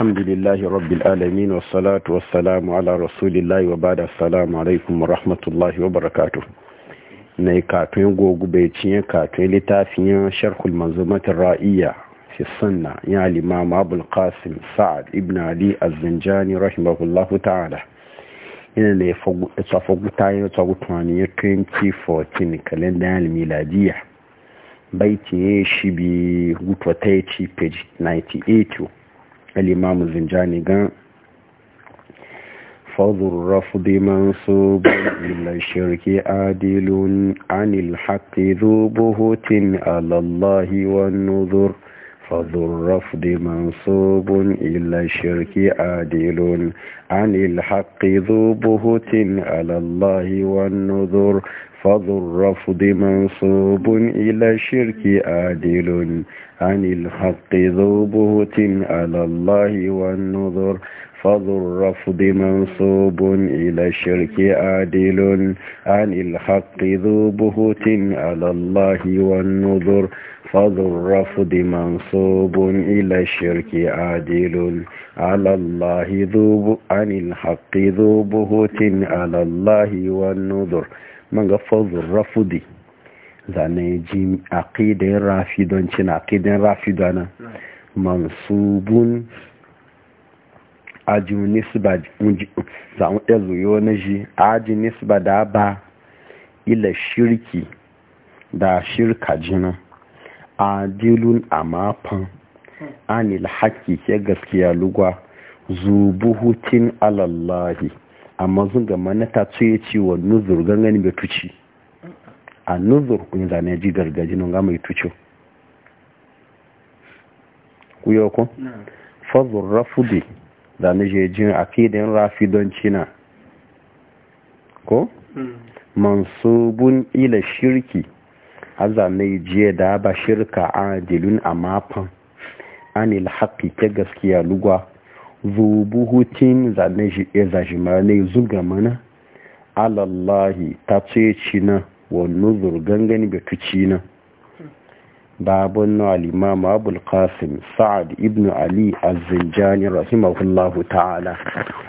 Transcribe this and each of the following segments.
alhamdulillahi rabbil alamin wa salatu wa salamu ala rasulillahi wa bada salamu alaikum wa rahmatullahi wa barakatuh na yi katon gogu bai cinye littafin sharhul manzumatin ra'iya fi sunna ya limama abul sa'ad ibn ali az-zanjani rahimahullahu ta'ala ina ne ya tsafa guta ya tsafa tunani ya 2014 kalendar yan miladiya bai cinye shi bi gutwa ta yi ci page 98 الإمام الزنجاني قال فضل الرفض منصوب إلى الشرك عادل عن الحق ذو بهوت على الله والنذر فذو الرفض منصوب إلى الشرك عادل عن الحق ذو بهت على الله والنذر فذو الرفض منصوب إلى الشرك عادل عن الحق ذو بهت على الله والنذر فضل الرفض منصوب إلى الشرك عادل عن الحق ذو بهوت على الله والنذر فضل الرفض منصوب إلى الشرك عادل على الله ذو عن الحق ذو بهوت على الله والنذر من فضل الرفض zane ji aƙidin rafi don cin aƙidin rafi mansubun ajin nisba zaun ɗaya zuyo na ji aji nisba da ba ila shirki da shirka jina adilun a mafan anil haƙƙi ke gaskiya lugwa zubuhutin alallahi amma zun ga manata ci ciwo nuzur gangan mai tuci a nuzur kun zane ji gargajin ga mai tuci ku yau kun rafu da na je jin rafidanci na ko hmm. mansubun ila shirki haza na jiya da ba shirka adilun a mafan anil haƙi ta gaskiya lugwa zubuhutin zane e zuga mana alallahi ta ce ci na wannan zurgan gani bai tuci na babun al'imam abul qasim sa'ad ibn ali az-zinjani rahimahullahu ta'ala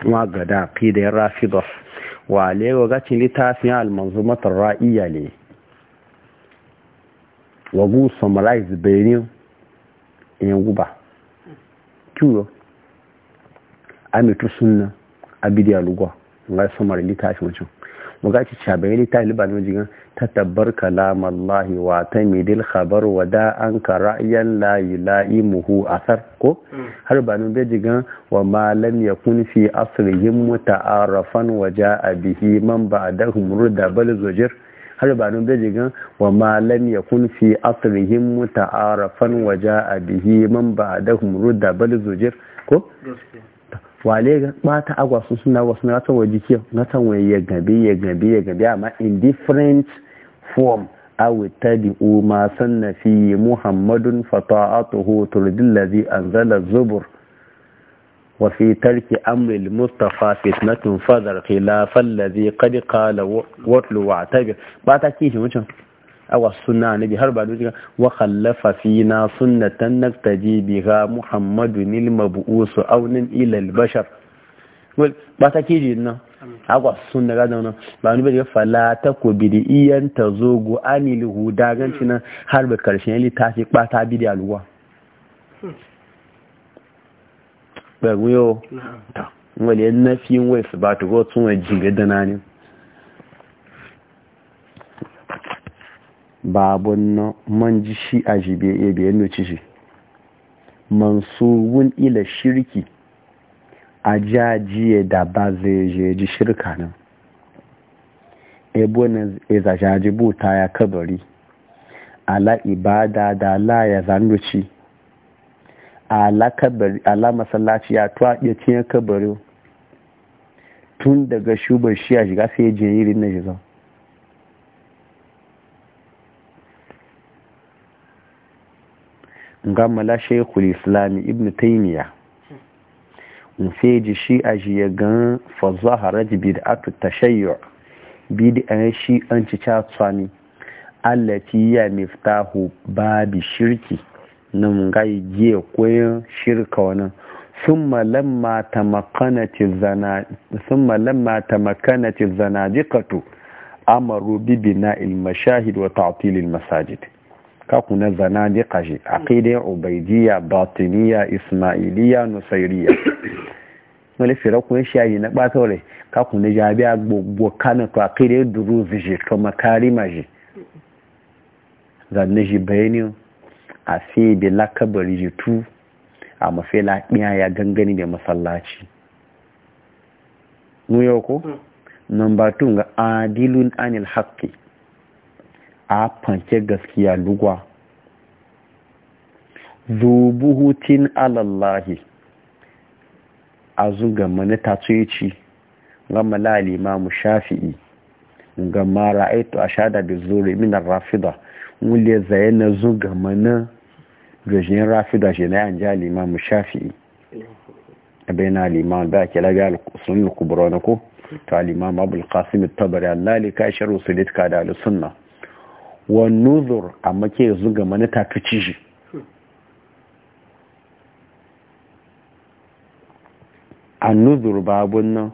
wa gada qidayar rafidah wa lewa gacin littafin al-manzumatar ra'iyya ne wagu summarize benin in guba kiwo amitu sunna abidi alugwa ga summary littafin wancan mugaci shabayani ta liba ne jigan ta tabbar kalam Allah wa ta midil khabar wa da an ka ra'yan la ilahi muhu asar ko hmm. har ba nun be jigan wa ma lam yakun fi asrihim muta'arafan wa ja'a bihi man ba'dahum rudda bal zujir har ba nun be jigan wa ma lam yakun fi asrihim muta'arafan wa ja'a bihi man ba'dahum rudda bal zujir ko wale ga bata agwa su suna wasu na tan waje ke na tan ya gabe ya gabe ya gabe amma in different form aw tabi'u ma sanna fi muhammadun fata'atuhu turdil ladhi anzala zubur wa fi tarki amri al-mustafa fitnatun fadhar khilafal ladhi qad qala wa wa tabi bata kishi mutum awa na bi har ba wajen wa khallafa fina sunnatan naktaji biha muhammadun al mab'us awnin aunin ilal bashar ba ta kiji nan awa suna ga nan ba ni bai fala ta ko bidiyan tazogu anil huda ganci nan har ba karshen littafi kpata bidi alwa ba guyo ta wale nafi wai su ba ta go tun wai jiga dana ne babun na man shi a jibe ya biyan noci ci shi wun ila shirki a jajiye da ba zai je ji shirka nan ebo na e zajaji buta ya kabari ala ibada da la ya zanduci ala masallaci ya tuwa ya cinye kabari tun daga shubar shi a shiga sai je irin na shi zama la shekul islami ibn taimiya sai ji shi a shi ya gan fazza haraji bid'atu tashayyu bid'an shi an ci catsani allati ya miftahu babi shirki nan ga yi koyon shirka wani summa lamma tamakanati zanadiqatu amaru bi bina'il mashahid wa ta'til al masajid kakuna zanadika shi aqidin ubaidiyya batiniya ismailiya nusairiya wani firakun shayi na wale. kakuna a gbogbo kanin to aqidin duru zije to makari maji zanne shi bayanin a fi bi lakabar jitu a mafi laɗiya ya gangani da masallaci mu yau ko mm. number ga adilun anil haqqi a gaskiya lugwa zubuhutin alallahi a zuga mani tatsoyici ga malali imamu shafi'i ga mara aito a sha da zuri minar rafida wule zaye na zuga mani gajiyar rafida shi na yan jali shafi'i a bayana liman da ake laga sunan kubura na ko ta liman abul qasim tabari allali ka shirin sulitka da al-sunna wa nuzur amma ke ga mana ta tuci shi a nuzur babun nan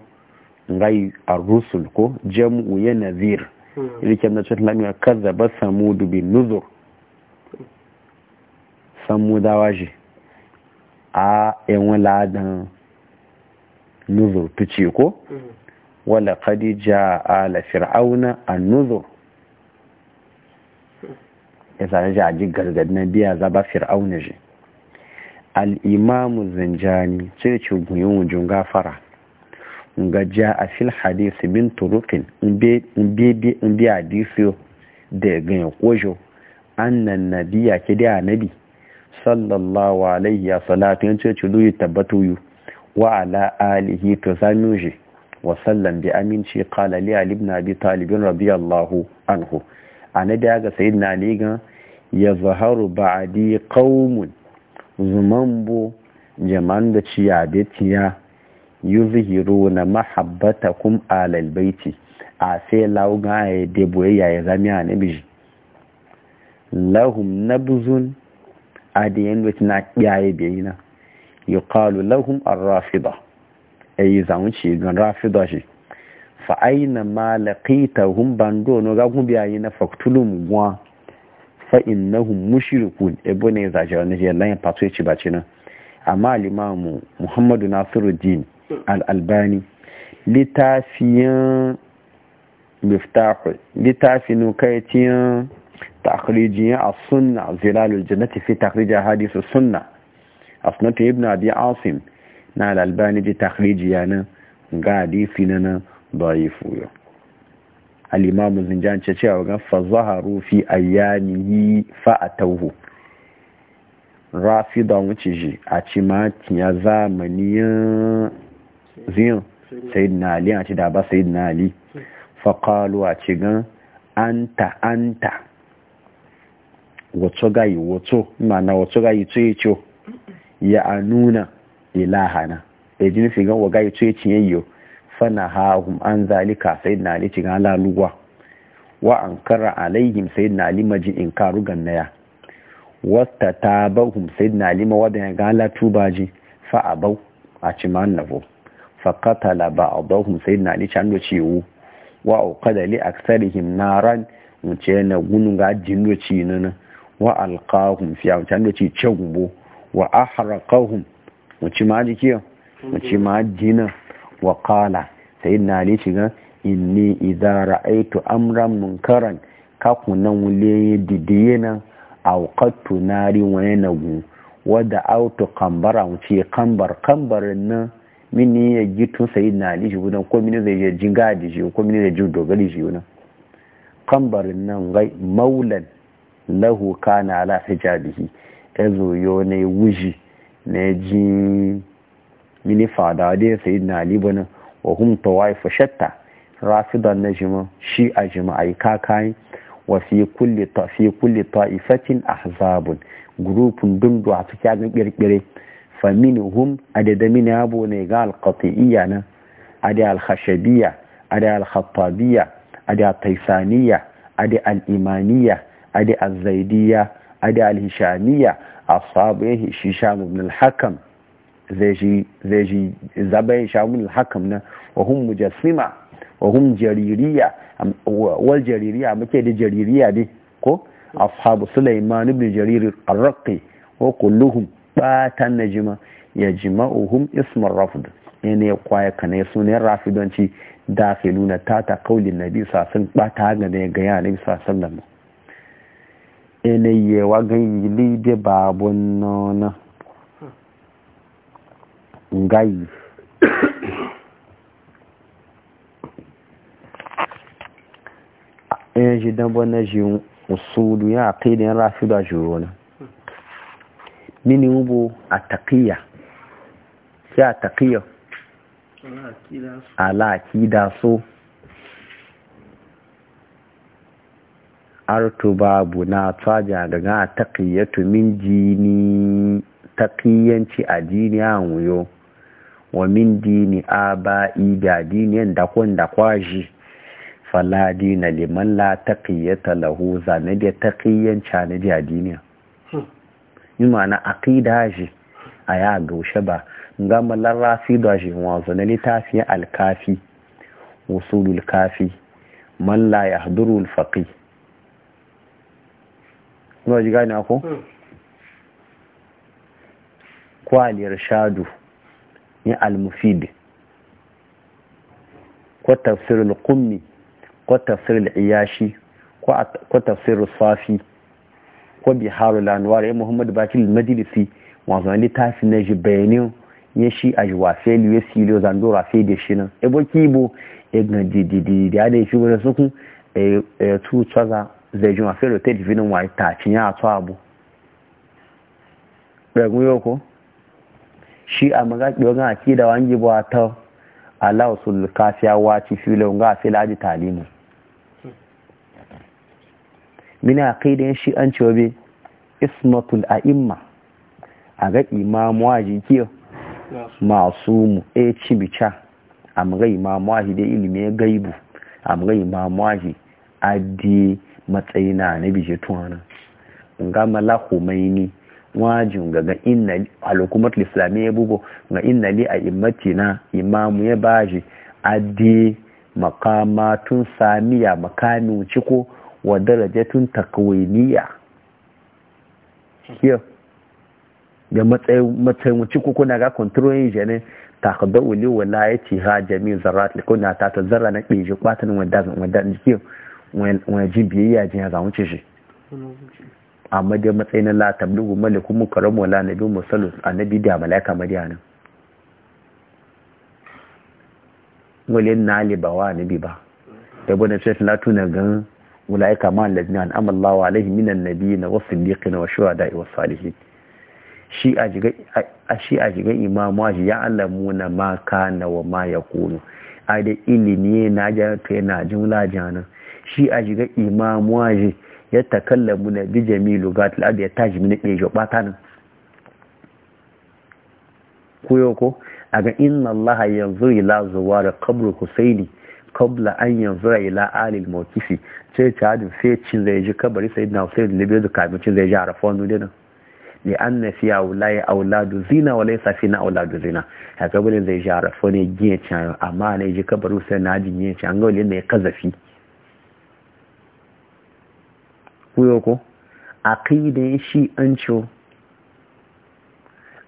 rai a rusul ko jam'u ya nazir ilikin na cikin lamiya kaza ba samudu bin nuzur samudawa shi a yan ladan nuzur tuci ko wala kadi ja ala fir'auna a nuzur ya sare gargadi na biya zaba fir'auna shi al'imamu zanjani ce ce guyin wujin gafara ga ja a fil hadisi bin turukin in biya hadisi da ganyen kojo annan nabiya ke da nabi sallallahu alaihi wa salatu yin ce cilu tabbatu yu wa ala alihi to sami shi wa sallan bi aminci qala li ali talibin abi talib anhu a na ga sayidina ali ga ya zaharu ba'adi qaumun zuman bu jaman da ciya da tiya yuzhiru na mahabbata kum alalbaiti. a sai lauga ya debo ya ya zami a nabi lahum nabzun adiyan wata na kiyaye bayina yuqalu lahum ar-rafida ayi zamu ci gan rafida shi fa aina ma hum bando no ga kun biya na faktulum wa fa innahum mushrikun ebo ne za jawo ne lan patwe ci bace na amma al-imam Muhammadu Nasiruddin al-Albani litafiyan miftahu litafinu kaytiyan takhrijiyan as-sunna al jannati fi takhrij ahadith as-sunna asnat ibn abi asim na al-Albani bi takhrijiyan ga hadisi na da'ifu yau al'imamu zinjan ce cewa gan fazaharu fi ayyamihi fa'atauhu rafi da wuce shi a ci matiya zamaniyan ziyan sayidina ali a ci da ba sayidina ali faƙalu a ci anta anta wato gayi wato mana wato gayi tsoye ciyo ya anuna ilahana ejin fi gan wa gayi tsoye ciyen yau fanahahum an zalika sayyidina ali cin halaluwa wa an kara alaihim sayyidina ali majin in karu gannaya ta tabahum sayyidina ali mawadan ya gala tubaji fa a bau a ci mannafo fa qatala ba'dahum sayyidina ali can do ciwo wa a li na ran wuce na gunun ga jin jindo ci nan wa alqahum fiya can do ci cegumbo wa harakahun wuce ma jikiyo wuce ma jina wa qala sayyidina ali shiga inni idan ra'aitu amran munkaran ka kunan wule didiye na awqattu nari wa yanagu wadda auto kambara wuce kambar kambarin nan mini ya ji tun sayi na ali shi wudan ko mini zai je jinga da shi ko mini zai ji dogari shi wudan kambarin nan gai maulan lahu kana ala hijabihi ezo yo ne wuji ne ji mini fada dai na ali wa hum tawaifu shatta rafidan najma shi a yi kakai wa fi kulli ta fi kulli ta'ifatin ahzabun gurupun dundu a cikin kirkire fa minhum adada min abu ne ga alqati'iyya na adi alkhashabiyya adi alkhattabiyya adi altaisaniyya adi alimaniyya adi alzaidiyya adi alhishamiyya ashabu hisham ibn alhakam zai shi zabai shagun hakam na wahun mujassima wahun jaririya wal jaririya muke da jaririya ne ko ashabu sulaiman ibn jarir ar-raqi wa kulluhum batan najma yajma'uhum ismar rafd yana kwaya kana sunan rafidanci ta ta kauli nabi sasan bata ga ne ga yana nabi sallallahu alaihi ene yewa ga yili babun nona ngayi yan ji dambo na ji usulu ya aqidin rafida jurona mini ubu ataqiya ya taqiya ala akida so artu babu na tsaja daga taqiyatu min jini taqiyanci a jini an wuyo wa min dini A aba'i da diniyan da kun da kwaji fala dina liman la taqiyata lahu zane da taqiyan chane da diniya ƙi da aqida ji aya gaushe ba ga mallar da ji wa zane litafi alkafi usulul kafi man la yahduru alfaqi ko ji gane ko hmm. kwaliyar shadu ya al-mufid ko tafsir al-qummi ko tafsir al-iyashi ko tafsir al-safi ko bihar al-anwar ya eh, muhammad bakil al-majlisi wazo ne tafi na ji bayanin ya shi a jiwa feli ya silo zando fe da shi nan ebo eh, kibo ya eh, ga dididi da ya shi wani suku ya tu tsaza zai jiwa felo ta divinin wa ta cinya a tsawo abu ɗagun yau ko shi a magaki wajen da wangi ba ta Allah su kafiya waci filo ga filaji talimu mina akidan shi an ce wabe ismatul a'imma a ga imamu e a jikiyo masu mu e cibica a maga imamu a ilimin gaibu a maga imamu a adi matsayina na bije tuwanan ga mala ni. wajin ga ga inna al-hukumar ya bugo ga inna li a na imamu ya shi adi makamatun samiya makamin ciko wa darajatun takwiniya kiyo da matsayin ciko kuna ga kontrolin ta takda wuli wala ya ci ha jami zarat kuna ta ta zarra na ƙeji kwatanin wadda wadda jikin wajen biyayya jiya zamuci shi amma dai matsayin la tablugu malikun mukarramu wala nabi musallu annabi da malaika madiyanin wale na libawa nabi ba da bane sai la tuna gan ulaika ma an an'ama Allahu alaihi minan nabiyina was siddiqina wash shuhada'i was salihin shi a jiga a shi a jiga imamu shi ya alamuna ma kana wa ma ya yakunu ai da ilimi na jana ta yana jimla jana shi a jiga imamu shi ya takallamu na bi jamilu ga al'adu ya tashi mini ɗaya jo ɓata nan kuyo ko a ga inna allaha yanzu ila zuwa da kabru husaini kabla an yanzu ila alil mawkifi ce ce hadin sai cin zai ji kabari sai na husaini libe da kamin cin zai ji arafa wani dina li an na fiya wulaye auladu zina wala ya safi na auladu zina ya kabarin zai ji arafa ne gina can amma ne ji kabari sai na ji giyan an ga wale ne ya kazafi kuyo ko aqidan shi an ciwo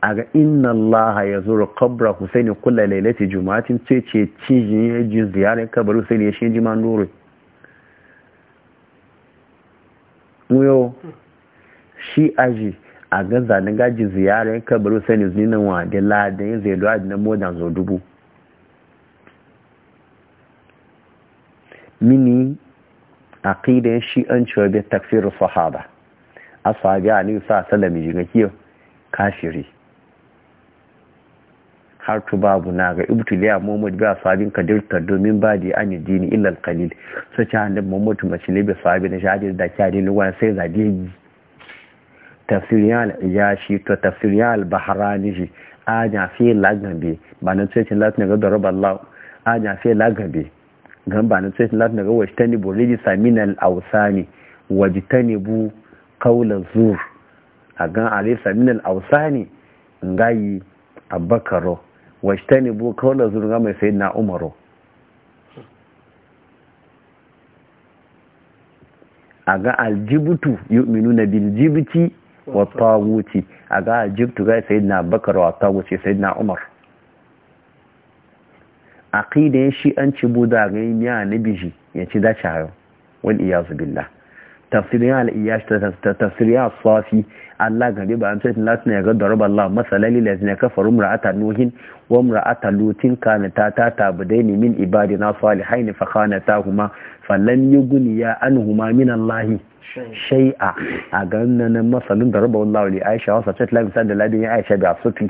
a ga inna Allah ya zura kabra Husaini kula lailati juma'atin ce ce cijin ya ji ziyarar kabar Hussain ya shi ji man dore muyo shi aji a ga zanen gaji ziyarar kabar Husaini zinan wa da ladan zai lura na modan zo dubu mini aqidan shi an cewa bi takfir sahaba ashabi ali sa sallami jinga kiyo kafiri har tu babu na ga ibtuliya muhammad bi ashabin kadir ta domin ba di an dini illa alqalil so cha annab muhammad mace ne bi sahabi na shahadi da kyari ne wani sai zade tafsiriyan ya iyashi to tafsiriyan al-bahrani shi aja fi lagabe ba na ce ce latin ga darab allah aja fi lagabe gamba na sai latin daga wajtani bu rijisa ne ausani wajtani bu kaula zur a gan alisa minal ausani ngayi abakaro wajtani bu kaula zur ga mai na umaro a ga aljibutu yu'minuna na biljibuti wa tawuti a ga aljibutu ga na abakaro wa tawuti na umaro aqidan shi an ci buda ga yin ya biji ya ci da cayo wal iyazu billah tafsirin al iyash tafsirin al safi Allah gari ba an sai lati ne ga daraba Allah masalali lati ne kafaru mar'ata nuhin wa mar'ata lutin kanata ta ta budaini min ibadina salihain fa khanatahuma falan yughniya anhuma min Allah shay'a a gannan masalin daraba Allah li Aisha wa sai lati da ladin Aisha ga sufi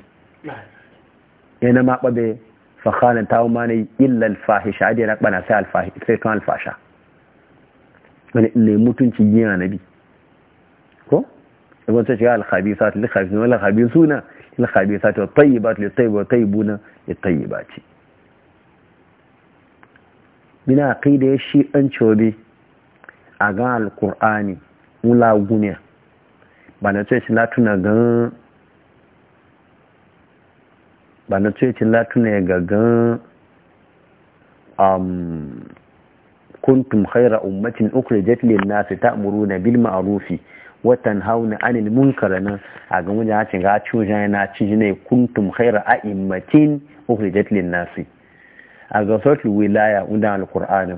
yana ma babe fakhanan ta ma ne illa alfahisha adai na bana sai alfahisha sai to alfasha wani ne mutunci na bi, ko ibn ta ce al khabisat li khabisuna wal khabisuna lil khabisat tayi tayyibat lit tayyib wat tayyibuna lit tayyibati bina ya shi an cobe a ga alqur'ani mula gunya bana ce shi latuna gan ba na ce latuna ya gagan kuntum khaira ummatin su ta nasi na bil ma'arufi watan hauna 'anil munkara nan a ga mun ya cinga ci wajen na ci ne kuntum khaira a'immatin ukhrijat na nasi a ga sautin wilaya undan alkur'anin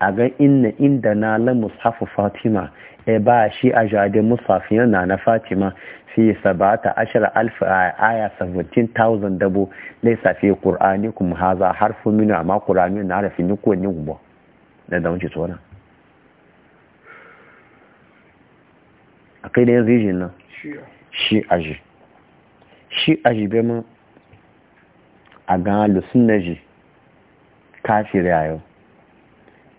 a ga inna inda na la mushafu fatima e ba shi a jade musafiyar na na fatima fi sabata ashara alfa aya 17,000 dabo laisa fi qur'ani kuma haza harfu minu amma qur'ani na harafi ni ko ni gubo da da wuce a kai da yanzu yijin nan shi aji shi aji bai ma a ga lusun na ji kafir rayu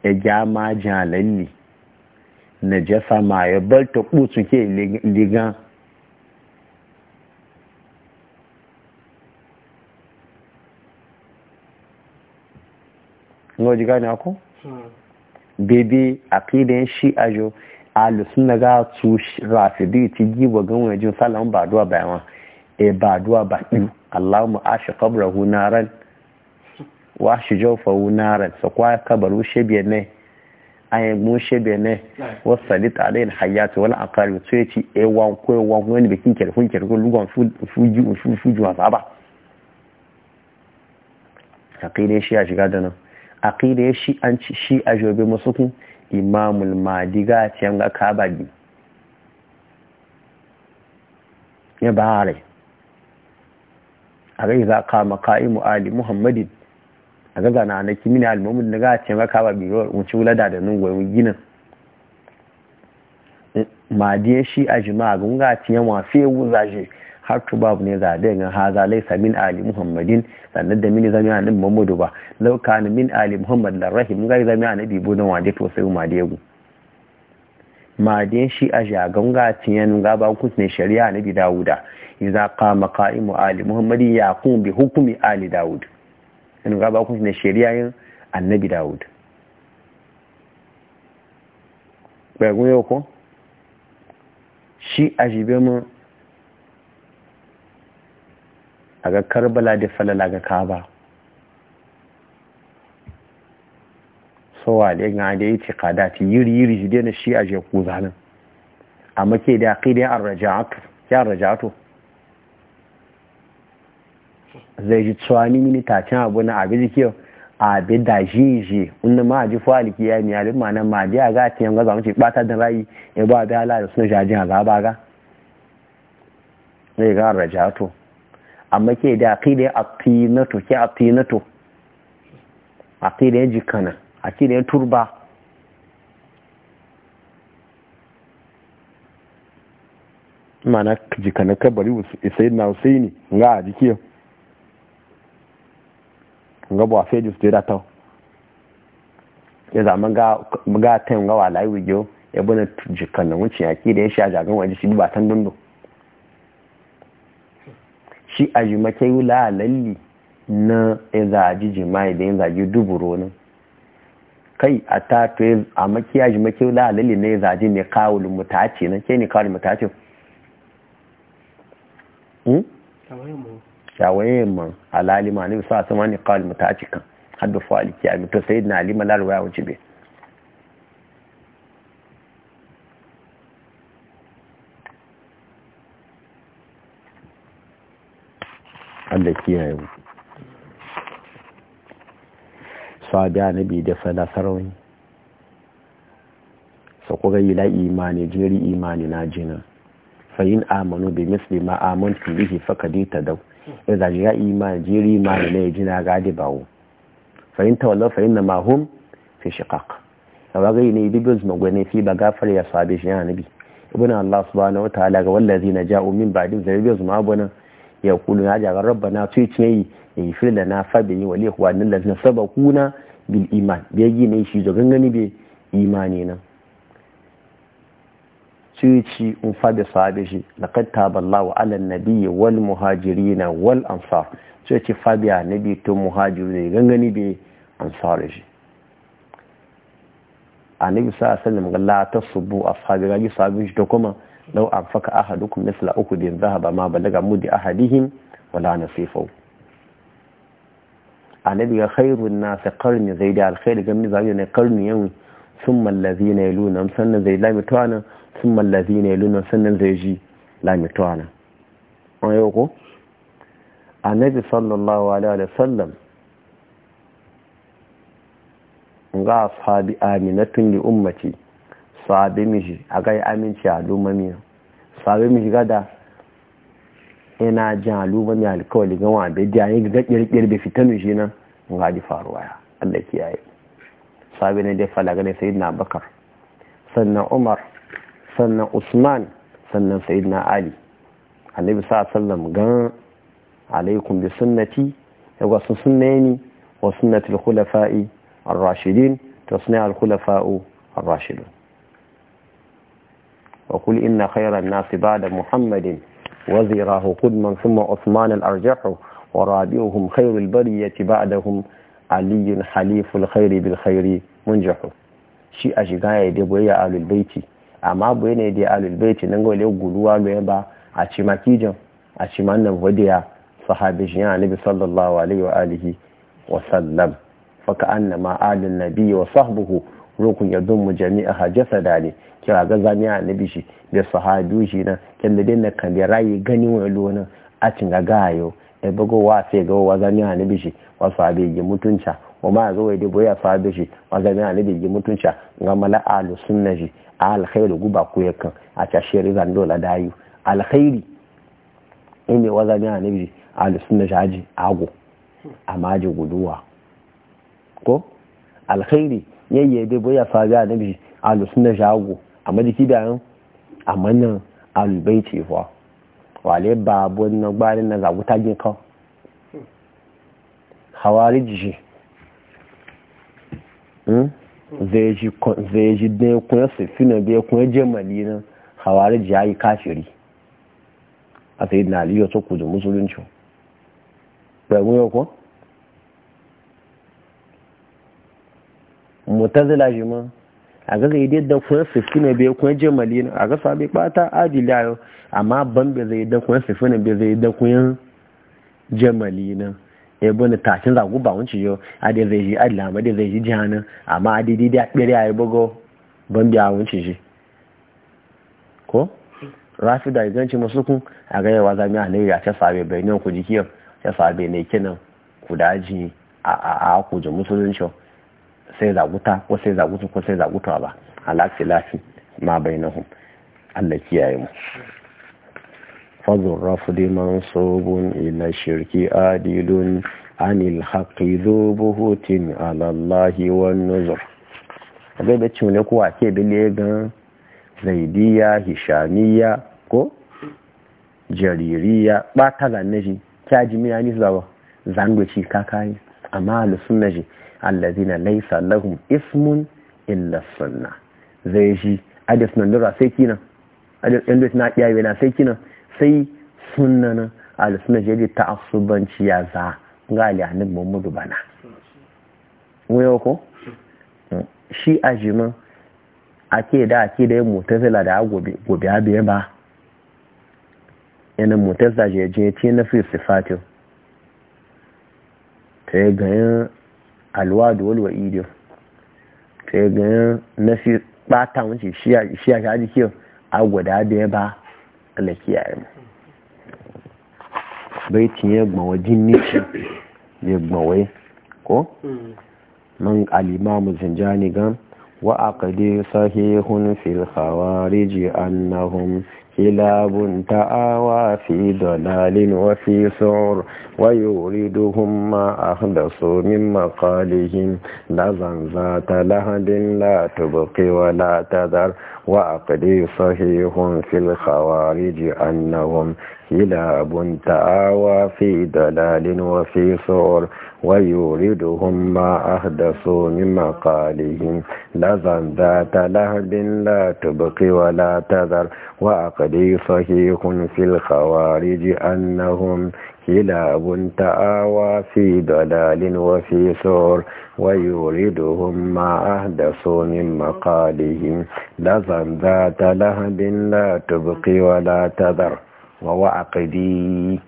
ya ja ma jalan ne na jasa ma ya bar ta kutu ke ligan ji gane ako? bebe a kidan shi ajo alu suna ga tu rafidi ti giwa gan wajen salamun baduwa bayan wa e baduwa baɗi allahumma ashi kabra hunaran wa shi jawfahu naran sa kwa kabaru shebe ne ayin mu shebe ne wa salit alayhi wani wal aqarib ya ci e wan ko wan wani bikin kirfun kirfun lugan fuji fuji wa saba aqida shi a shiga da nan aqida shi an ci shi a jobe musukun imamul madiga ci an ga kabagi ya bare a rai za kama ka'imu ali muhammadin a ga zana na kimi ne almamun na ga ce maka ba biro wuce wulada da nan gwai ginin ma diyan shi a jima'a gun ga ce yan wafe wuza shi har tu babu ne za da yan haza laisa min ali muhammadin sannan da mini zami nan muhammadu ba lauka min ali muhammad da rahim ga zami nabi bu nan wade to sai ma diyan ma diyan shi a jagan ga ce yan ga ba kun ne shari'a nabi dawuda idza qama qa'imu ali muhammadin kuma bi hukumi ali dawud in ga ba hukunci na yin annabi dawud bai gun yau ko shi ajibe mu a ga karbala da falala ga kaba sowa da ga da ya ce kada ta yiri yiri shi dai shi a ku zanen amma ke da ar-raja'at ya raja'atu zai ji ni mini tacin abu na abin a abin da shi shi inda ma ji fuhali ya ni a ma ma'anar ma ji a ga tiyan gaza mace ɓata da rayu ya e ba da ala da suna jaji a gaba ga zai ga rajato amma ke da aƙida ya atinato ke atinato aƙida ya jikana aƙida ya turba mana jikana kabari isa yi na usaini ga a jikiyar nga bo afi ju stira to ya za ga ga tem ga wala yi wijo ya e bana jikan nan wuce ki e da ya sha jagan waje shi ba tan dundo shi ajuma kai wula lalli na ya za ji jima'i da ya za ji duburo nan kai a ta to a makiya ji makiya wula lalle ne ji ne kawul mutaci nan ke ne kawul mutaci hmm? shawaye ma alalima ne sa sama ne kawal muta cikin haddu fa'ali a mutu sai na alima larwa wuce bai Allah kiyaye mu sabi annabi da fada sarawin so ko ga ila imani jiri imani na jina fa yin amanu bi misli ma amantu bihi faqad tadaw ya zaji ya imani jiri imani na yaji na gadi bawo fahimta wallo fahimta mahum fi shiqaq saboda ga ne bibin zuma gwane fi ba gafar ya sabe shi yana nabi ibn allah subhanahu Wata ta'ala ga zai na ja'u min ba'din zarbi zuma abuna ya kulu na jagar rabbana sai ce yi yi fil da na fa bi wali ikhwanin lazina sabakuna bil iman biyi ne shi zo gangani bi imani nan cici in fada sahabe shi laqad wa Alan, nabi wal na wal ansar sai ce fabiya nabi to muhajiru ne gangani be ansar shi annabi sa sallam ga la tasubbu ashabi ga ji sahabin shi to kuma law anfaka ahadukum misla ukudin dhahaba ma balaga mudi ahadihim wala nasifu anabi ga khairun nas qarni zaidi alkhair ga min zabi ne qarni yau na yi yaluna sannan zai lami sun mallazi ne lunan sannan zai ji lamitowa nan an yau ko annabi sallallahu alaihi wa sallam ga ashabi aminatun li ummati sahabi miji a gai aminci a lumami sahabi miji gada ina jin a lumami alkawali ga wa bai da yayin da kirkir bai fita miji nan ga di faruwa ya Allah kiyaye sahabi ne da falaga ne sayyidina bakar sannan umar sannan usman sannan sayyidina ali annabi sa sallam gan alaikum bi sunnati ya sun wa sunnati al-khulafa'i ar-rashidin to al-khulafa'u ar-rashidun wa qul inna khayra an-nasi ba'da muhammadin wa zirahu qudman thumma usman al-arjahu wa rabi'uhum khayru al-bariyati ba'dahum aliyun haliful khayri bil khayri munjahu shi a shiga ya debo ya alul baiti amma bu ne da alul baiti nan ga wale ya ga ba a ci makijin a ci mannan wadiya sahabijin nabi sallallahu alaihi wa alihi wa sallam fa ka ma alin nabi wa sahbuhu rukun ya mu jami'a hajjasa da ne kira ga a nabi shi da sahabi shi na kenda na kan da rayi gani wani lona a cin ga gayo e bugo wa sai ga wa a nabi shi wa sahabi ji mutunca wa ma ga wai da boya sahabi shi wa a nabi ji mutunca ga mala'alu sunna shi alkhairu guba ko yakan a cashe rizan dola dayu alkhairi inda waza ne a nabi alusunna shaji ago a maji guduwa ko alkhairi yayye dai boya faru a nabi alusunna shago a majiki da yan a manyan alubai ce fa wale babu na gbarin na zaguta gin kan hawari jishi hmm? zai ji ɗaya kuma sifina ɗaya kuma jemali na hawari ji yayi kafiri a sai na aliyu ta kudu musulunci ɗagun yau ko? mutazila shi ma a ga zai da kuma sifina ɗaya kuma jemali na a ga sabi ɓata adila yau amma ban bai zai da kuma sifina bai zai da kuma jemali na ya bani tashin zagu ba wanci yo da zai ji adila ma ade zai ji jihanin amma a didi da bere ayi bugo ban biya wanci shi ko rafi da ganci masu kun a ga yawa zami alayya ya ta sabe bai nan ku jikiyar ta sabe ne kinan ku daji a a ku ji musulunci sai zaguta ko sai zagutu ko sai zagutu ba alaƙi lafi ma bainahum Allah kiyaye mu فذ الرفض منصوب إلى الشرك آدل عن الحق ذو بهوت على الله والنذر zai da cimle kowa ke bile gan zaidiya hishamiya ko jaririya ba ta zanne shi kyaji miya ni zawa zangoci kakayi amma alusunna shi allazina laisa lahum ismun illa sunna zai shi adis nan lura sai kinan adis na ya na sai kinan sai sunan alisunan jeji ta asubanci ya za ga aliyanin muhammadu bana wuyo ko shi a jimin ake da ake da yin mutazila da gobe abiya ba yanin mutazila jeji ce na fi sifatin ta yi ganyen alwadu walwa idiyo ta yi ganyen na fi ɓata wuce shi a shi a jikiyar a guda ba ana kiyaye mu baitin ya gbawa jini ya gbawa ko alimamu zinjani gan wa a kadi sahihun filhawa riji annahum kilabun ta'awa fi dalalin wa fi sa'ur wa yuriduhum ma ahdasu min maqalihim la zanzata lahadin la tubqi wa la tadar وعقدي صحيح في الخوارج أنهم كلاب تعاوى في دلال وفي صور ويوردهم ما أحدثوا من مقالهم لذا ذات لهب لا تبقي ولا تذر وعقدي صحيح في الخوارج أنهم كلاب تآوى في ضلال وفي سور ويوردهم ما أهدسوا من مقالهم لظن ذات لهب لا تبقي ولا تذر ووعقدي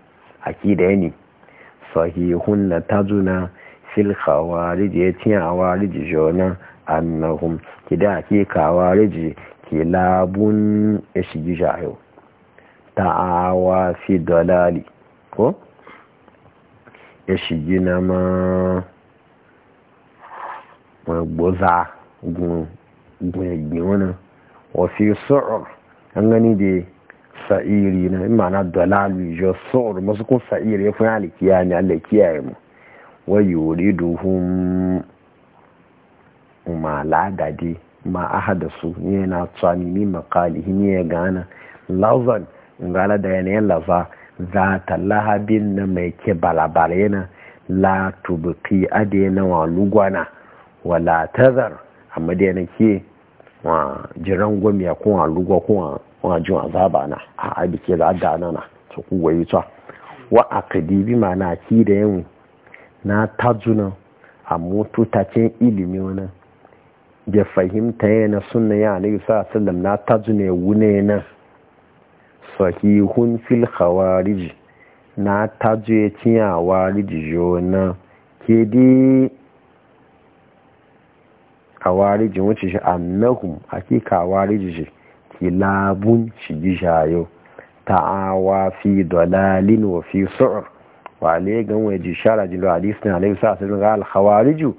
أكيد يعني صحيحن تزنا في الخوارج يتي عوارج جونا أنهم كدا كي كوارج كلاب إشجاعه تآوى في ضلال ko ya shigi na ma gboza gunyaggin wani wafi su'ur an gani da sa'iri na imana dalali jo su'ur masu kun sa'iri ya fi alikiya ne allah ya mu wai wuri duhun ma ladadi ma aha da su ne na tsani ni makali ne ya gana lazan ngala da yanayin laza za ta lahabin na mai ke balabal yana la tubuki ade na wa lugwana wala tazar amma da yana ke wa jiran gwamiya ko wa lugwa ko wa jin zaba na a abike za da na ta kuwa yi ta wa akadibi ma na ki da yin na tajuna a mototacin ilimi wani ya fahimta yana sunna ya yi sa sallam na tajuna ya wune na sahihun fil khawarij na tajo tiya ciya warij jona ke di a warijin wuce shi annahum hakika warij shi kilabun shi ta ta'awa fi dalalin wa fi su'ur wa le gan wa ji shara jilu hadisin alaihi sallallahu ga al-khawariju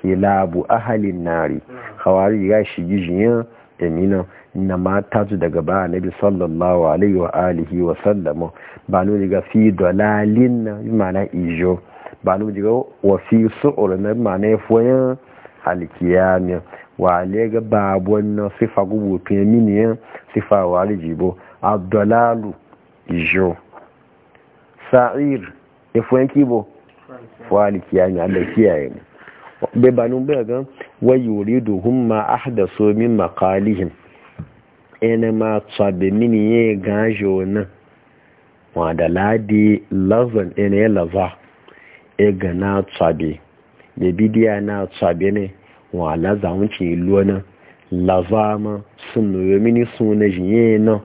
kilabu ahalin nari hmm. khawariji ga shi gishiyan da minan na mata su daga ba bi sallallahu alaihi wa alihi wa sallamu ba nu diga fi dalalin na mana ijo ba nu diga wa fi su'ur na mana foyan alkiyami wa le ga babu na sifa gubu tun miniyan sifa wa alijibo abdalalu ijo sa'ir ifoyan kibo fo alkiyami Allah kiyaye ne bai banu bai ga wa yuridu humma ahdasu min maqalihim ene ma tsabe mini ye ganjo na wa da ladi lazan ene ya laza e ga na tsabe da bidiya na tsabe ne wa laza wuce iluwa na laza ma sun ya mini suna jiye na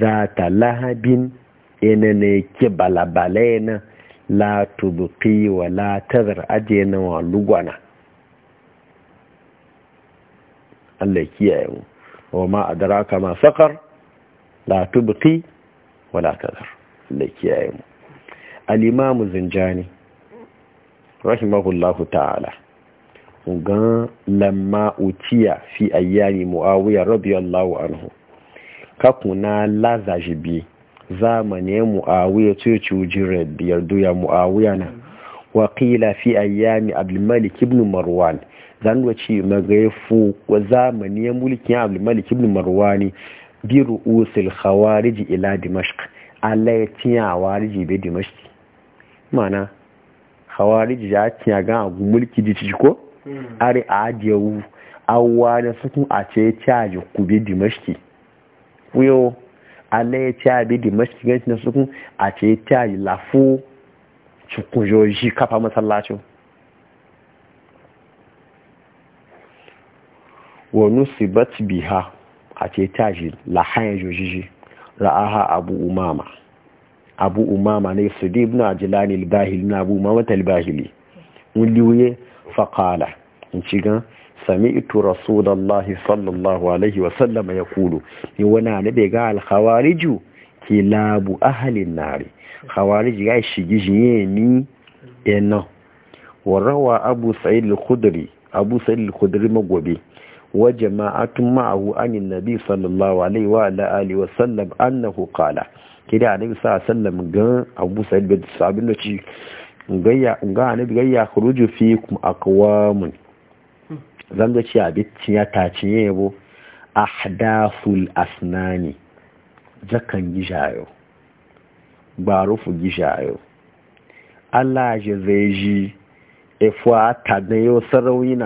za ta lahabin ene ne ke balabale na la tubuki wa la tazar aje na wa lugwana Allah kiyaye mu wa ma adraka ma saqar la tubqi wa la tadhar da kiyaye mu al-imam zinjani ta'ala gan lamma utiya fi ayyami muawiya radiyallahu anhu kakuna lazajibi zamane muawiya ce cujin rabbi yardu ya muawiya na waƙila في أيام عبد الملك بن zan wace magayafo wa zamani ya mulkin abdul malik ibn marwani bi ru'usil khawarij ila dimashq alai tiya wariji be dimashq mana khawarij ya tiya ga abu mulki ji ci ko hmm. are adiyawu awwa da sukun a ce tiya ku be dimashq kuyo alai tiya be dimashq ga sukun a ce tiya lafu cikin joji kafa masallacin wa nusibat biha a ce tashi lahayan jojiji ra'aha abu abu umama ne su di ibn ajilani al-bahili na abu umama talbahili mun liwuye faƙala in shiga gan sami'tu rasulullahi sallallahu alaihi wa sallama ya kulu ni wani anabe ga alkhawariju ke labu ahalin nari khawariji ya shigi jiye ni yana warawa abu sa'id wa jama'atun ma'ahu anin nabi sallallahu alaihi wa alihi wa sallam annahu qala kida annabi sallallahu sallam gan abu sa'id bin sabin ci gayya ga annabi gayya khuruju fikum aqwamun zan ga ci abicci ya tace yebo ahdathul asnani zakan gishayo gbarufu gishayo Allah ya zai ji efuwa ta da yau sarauni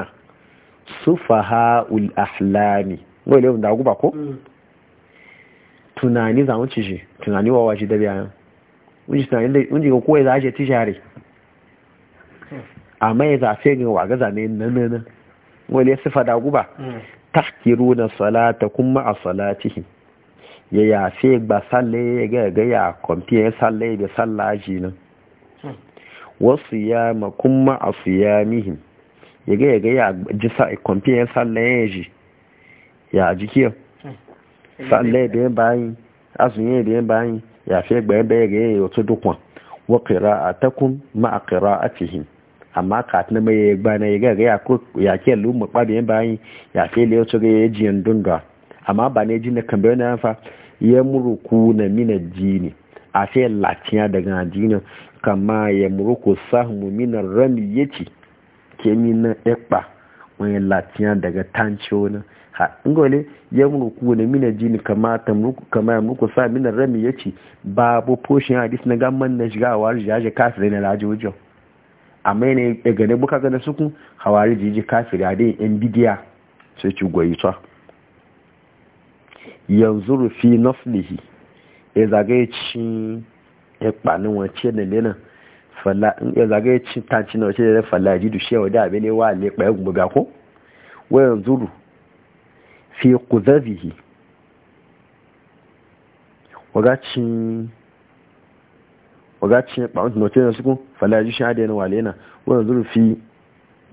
sufaha ul ahlami wai lewu da guba ko mm. tunani za mu ci tunani wa shi da biya wani tunani da wani ga kowai za a ce tijari hmm. amma ya zafe ga waga nan nan wani ya sufa da guba hmm. tahkiru na salata kuma a salatihi ya yafe ba salle ya ga ga ya kwamfiyar salle da sallaji nan hmm. wasu ya ma kuma a siyamihim ya ga ya ga hmm. ya ji sa ya sallah ya ji ya ji kiyo sallah da ya bayan asun ya da ya bayan ya fi gba ya bayan ga ya yi wata dukwan wa qira'atakum ma'a qira'atihim amma katin mai ya gba na ya ga ya ko ya ke lu mu ba da bayan ya fi le otu ga ya ji dunda amma ba ne ji na kan bayan fa ya muruku na mina jini a sai latiya daga jini kama ya muruku sahmu minar rami yace kemi na ekpa wani latiyan daga tanci wani ha ingole ya ku ne mina jini kamata mu kama ya sa mina rami ya ce babu poshin hadis na gamman na shiga hawari jaje kafire na laji wujo amma ne ya gane buka gane sukun hawari jiji kafire a dai yan bidiya sai ci goyi ta yanzu rufi naflihi ya zagaye cin ya kpanin da lenan falla in ya zagaye cin tanci na wace da falla ji dushe wa da abin wa ne ɓaya guga ko wayan zuru fi kuzazihi wagacin ɓawon tunoce na sukun falla ya ji shi adiyar wale na wayan zuru fi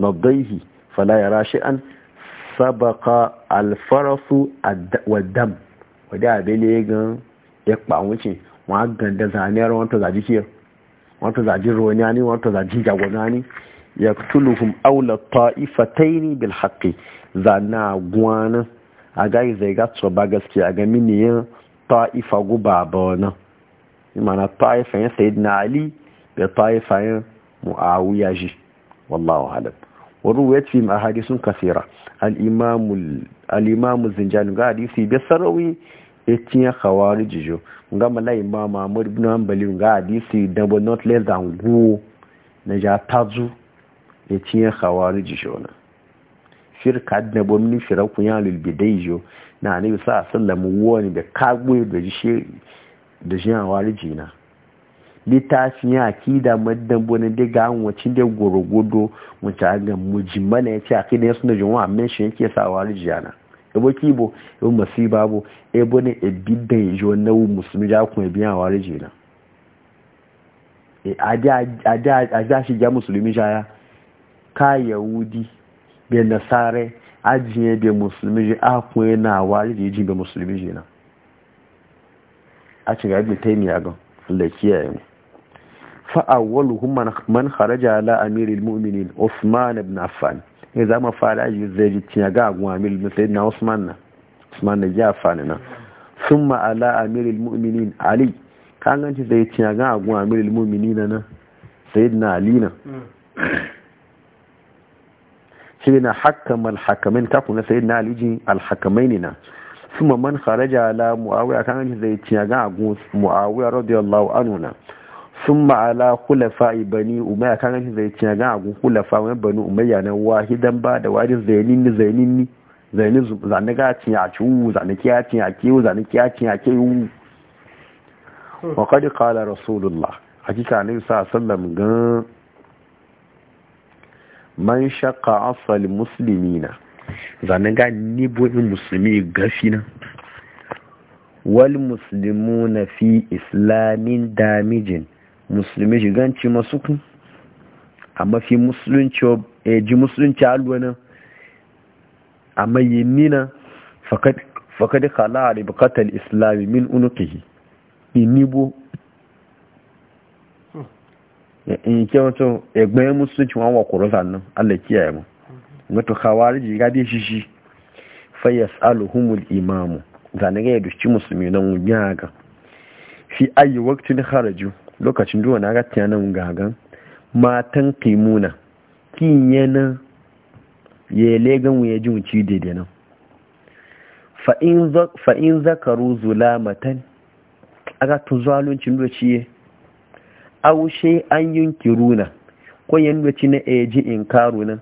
nabdaihi falla ya rashi an sabaka alfarasu wa dam wadda abin ya gan ya ɓawon ce wọn ganda zaniyar wọn to zaji kiyar wato zaji ne wato zaji ne ya tuluhum aula ta'ifataini bil haqqi zana gwana a gai zai ga ba gaskiya ga miniyan ta'ifa guba ba wannan imana ta'ifa ya sayyidina ali da ta'ifa ya muawiya ji wallahu alam wa ruwayati ma hadisun kaseera al imam al imam zinjani ga hadisi bi sarawi etinye kawari jijo nga mala imam Ahmad ibn Hanbali nga hadisi dabo not less than go na ja tazu etinye kawari jijo na shirka mini shira shiraku ya dai jo na annabi sa sallam woni da kagwe da jishe da shi wari jina littafin ya akida maddan bonin da ga wacin da gorogodo wacce ga ya ce akida ya suna jin wa min shi yake sa wari jiyana ebo kibo ebo masi bo ebo ne ebidan jo na wu musulmi ja kun ebi awon areje na e, aja shi ja musulmi ja ya ka yahudi be nasare ajiye be musulmi ji akun e na awon areje ji be musulmi ji na a cin gabi ta yi miyagan da kiyaye mu fa'awwaluhum man kharaja ala amiril mu'minin usman ibn Affan ya zama fara yi zai ji tiya ga agun amir musayi na usman na usman na ya fani na sun ma'ala amiril mu'minin ali kan ganci zai tiya ga agun amiril mu'minin na sayid na ali na shi na hakamar hakamai ta kuna sai na ali jin alhakamai ne na ma man kharaja ala muawiya kan ganci zai tiya ga agun muawiya radiyallahu anhu na sun ma'ala kulafa bani umayya kan rashin zai cina gan agun kulafa wani bani umayya na wahidan ba da wani zainin ni zainin ni zainin zane ga cin a ciwu zane kiya cin a kiwu zane kiya cin a kiwu wa kadi kala rasulullah hakika ne sa sallam gan man shakka asal na zane ga nibobin musulmi gafi na wal muslimuna fi islamin damijin musulmi shiganci masu kun a mafi musulunci ya e ji musulunci alwana a mayyannina fakadi kala a ribakatar islami min unukihi inibo in e, e, ke wato egbe musulunci wọn wa kuro sannan allah kiyaye mu wato kawari ji dai shi shi fayas alhumul imamu zanaga ya dushi musulmi don wujen haka fi ayi waktin haraju lokacin duwa na gatiya nan gagan matan kimuna kin yana ya legan wuya ji wuce daidai nan fa'in zakaru zulamatan aga tun zaluncin doci ya? aushe an yunki runa kwayan yan doci na eji in karu nan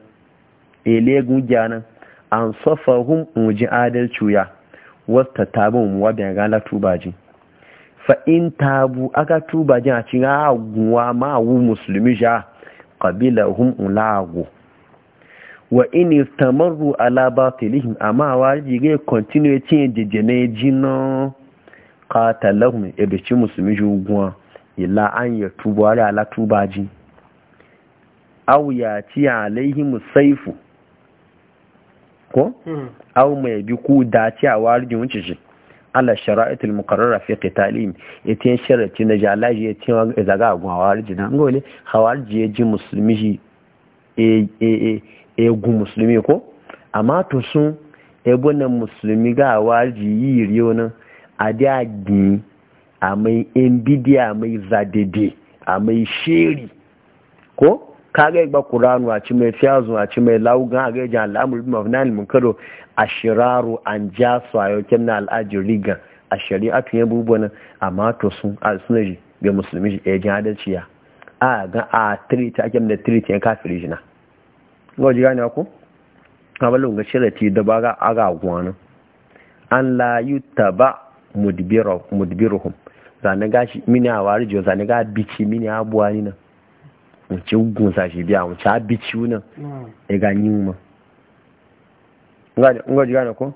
elegun gyanan an sofa hun uji wasta tabin wadda galatu gala fa'in tabu aka tuba jin a cin aguwa ah, ma'awu musulmi sha ƙabila hun lagu wa ini tamaru ala a amma wa jige continue cin jijjene jina qatalahum ebeci musulmi guwa ila an ya tuba ala ala tuba ji aw ya ci alaihim saifu ko hmm. aw mai bi ku dace a warjin wuce shi ala shara'itul muqarrara fi qitalihim yatin sharati na jalaji yatin zaga gun hawarji na ngole hawarji ya ji musulmi shi e, e e e gun musulmi ko amma to sun ebo na musulmi ga hawarji yi riyo na adi agi amai embidia amai zadede amai sheri ko kaga ba qur'anu a ci mai fiyazu a ci mai laugan a gaji al'amur bi mafnal munkaro shiraru an kin na al'ajin riga a shari'atu ya bubuna amma to sun a ji ga musulmi shi ɗaya e jin adalci ya a ga a tirita ake da tirita ya kafiri na ga ji gane ku a balon ga shirati da ba ga aga gwanin an la ta ba mudbiruhum zane gashi mini a wari jo zane ga bici mini abuwa ni nan wuce gun sashi biya wuce abici wunan ya mu ma ngaji gane ko?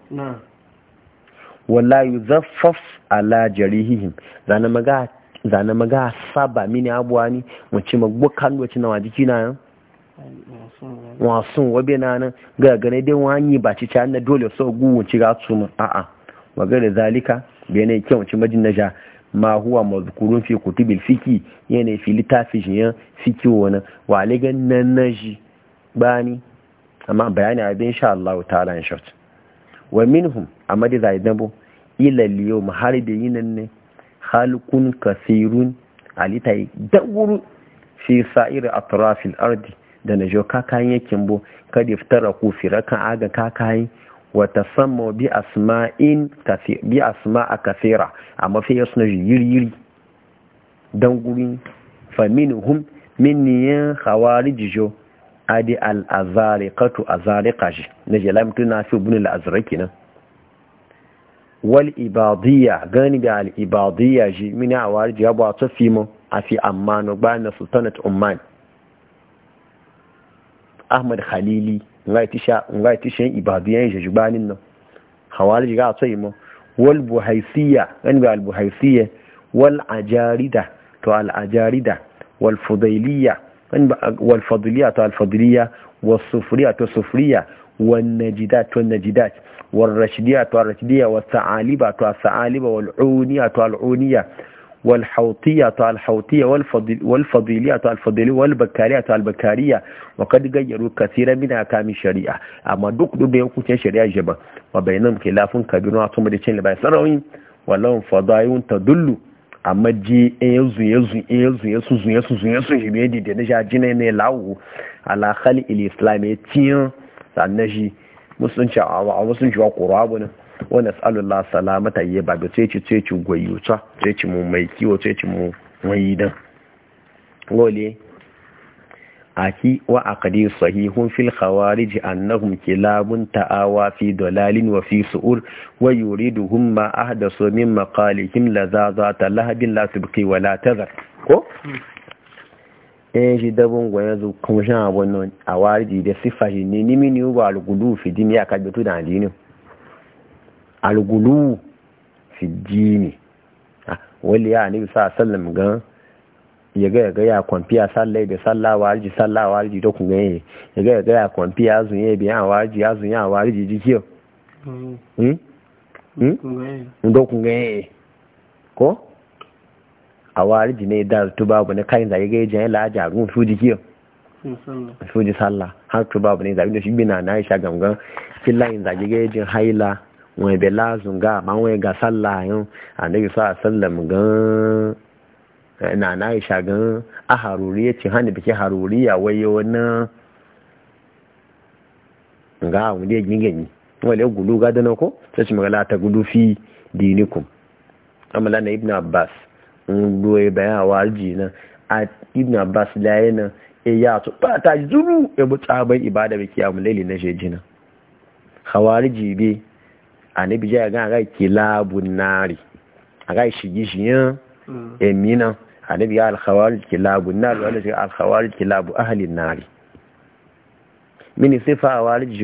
wala yi zafaf ala jarihihim zane maga saba mini abuwa ni wuce magbukan wuce na wajiki na yan wasu wabe na nan ga gane dai wani ba ci ca na dole so gu wuce ga su a'a magana zalika bai ne kyau wuce majin na ma huwa mazkurun fi kutubil fiki yana fi littafi shi yan fiki wani wa aligan nan na ji bani amma bayani abin insha Allah ta'ala in short wa minhum amma da zai dabo ila liyo har da yinan ne halkun kasirun alitai dawuru fi sa'ir atrafil ardi da na jo yakin bo kada iftara ku firaka aga kakayen wata sammo bi asma a kafira a mafi ya suna yiri-yiri don guri famin hum min niyan hawari jijo adi al'azari katu azari kashi na jelamtu na fi bunin al'azari kenan wal ibadiyya gani da al ibadiyya ji mini a wari jiya ba ta fi mo a fi amma na bayan na sultanat umman ahmad khalili nga tisha ibadu yan jeju banin nan hawari ga tsayi mu wal buhaisiya an ga al buhaisiya wal ajarida to al ajarida wal fudailiya wal fadiliya to al fadiliya was sufriya to sufriya wan najidat to najidat wal rashidiya to rashidiya was sa'aliba to sa'aliba wal uniya to al uniya والحوطية الحوطية والفضل والفضيلية الفضيلية والبكارية البكارية وقد غيروا كثيرا من أحكام الشريعة أما دوك دو بين كوتين شريعة جبا وبينهم خلاف كبير وعطم ريتين لبعض سنوين ولهم فضايون تدل أما جي إيزو إيزو إيزو إيزو إيزو إيزو إيزو جميع دي دي نجا جنة نلاو على خلق الإسلام تين سنجي مسلم شعوا مسلم شعوا قرابنا wa nas'alullah salamata yaba da sai ci sai ci mu mai kiwo sai mu wani dan gole ki! wa A kadi sahihun fil khawarij ke kilabun ta'awa fi dalalin wa fi su'ur wa yuriduhum ma so min za ta lahabin la tubqi wa la tazar ko shi dabon gwaye zu kuma shan nan a wariji da sifa shi ne nimi ni wa alugudu fi dini ya kaje da dini algulu fi dini ah, wali ya nabi sa sallam gan ya ga ya ga ya kwampiya sallai da sallawa warji sallawa warji to kun ganye ya ga ya ga ya kwamfiya zunye biya warji ya zunye warji jikiyo hmm hmm ndo hmm? kun ganye ko a warji ne da tu babu ne kai zai ga ya jan la jarun su jikiyo su ji sallah har tu babu ne zai da shi bina na isha gangan lain zai ga ya jin haila wani bai lazun ga ma wani ga sallah yau annabi sa sallam gan e, na na isha e gan a haruri ya e, ce hannu biki haruri ya waye wani ga wani ya gingani wale gudu ga dana ko sai ci magana ta gudu fi dinikum amala na ibn abbas in doye bayan waji na a ibn abbas laye na e ya to ba ta zuru e bu tsabai ibada biki amulali na shejina khawariji be anabi jẹ́ gan aga kilabu nari aga shigi shiyan emina anabi ya alkhawarij kilabu nari wanda shi alkhawarij kilabu Ahli nari mini sifa awarij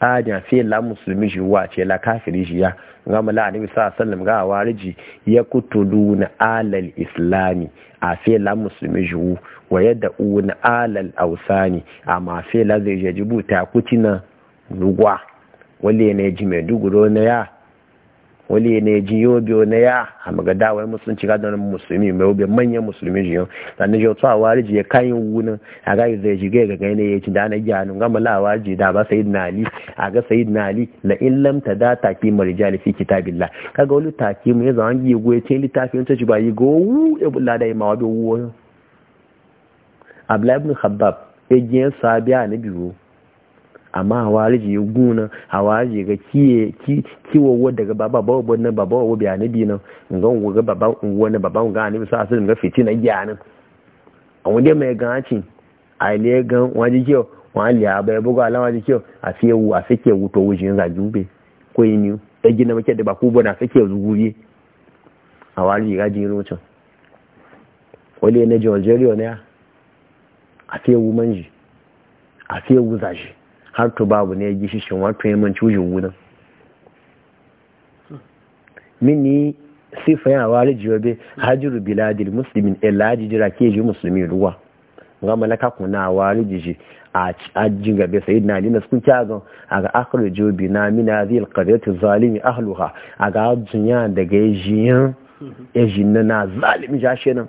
a ajan fi la musulmi shi wa ce la kafiri shi ya gama la anabi sa sallam ga awarij ya kutuluna alal islami a fi la musulmi shi wa yadda una alal ausani amma fi la zai jajibu ta kutina rugwa wale ne ji maiduguro na ya wale ne ji yobe na ya a magada wai musulunci ga don musulmi mai yobe manyan musulmi jiyon dan jiyo tsawa awari ji kayan wunin a ga zai ji ga ga ne ci da na gyanu gama lawa ji da ba na ali a ga na ali na in da tada taqi jali fi kitabillah kaga wani taki mu ya zama yi goye ce littafin ta ci ba yi go wu ya bulla da ma wabe wo abdullahi ibn ya ejiyan sabiya na biyu amma hawariji ya guna hawariji ga kiye kiwowa baba baba biya nabi ga ga baba wani baba ga anabi sa asirin ga fiti na giya nan a mai ganci a ile gan waje kiyo wa liya e ala waje kiyo a wu a fike wu to ga jube ko yi niyu da e gina make da ba ku bana fike zuguye hawariji ga wale na ne wu manji har to babu ne ya wa wato yaman cujin wunan mini sifa yana wari bai hajjiru biladil musulmin elaji eh, jira ke ji musulmi ruwa ga malaka kuna wari jiji a ajin gabe sayid na lina sun kyagon a ga akwai jobi na mina zai alkaryatu zalimi ahluha a ga jinya daga yajiyan yajin na zalimi jashe nan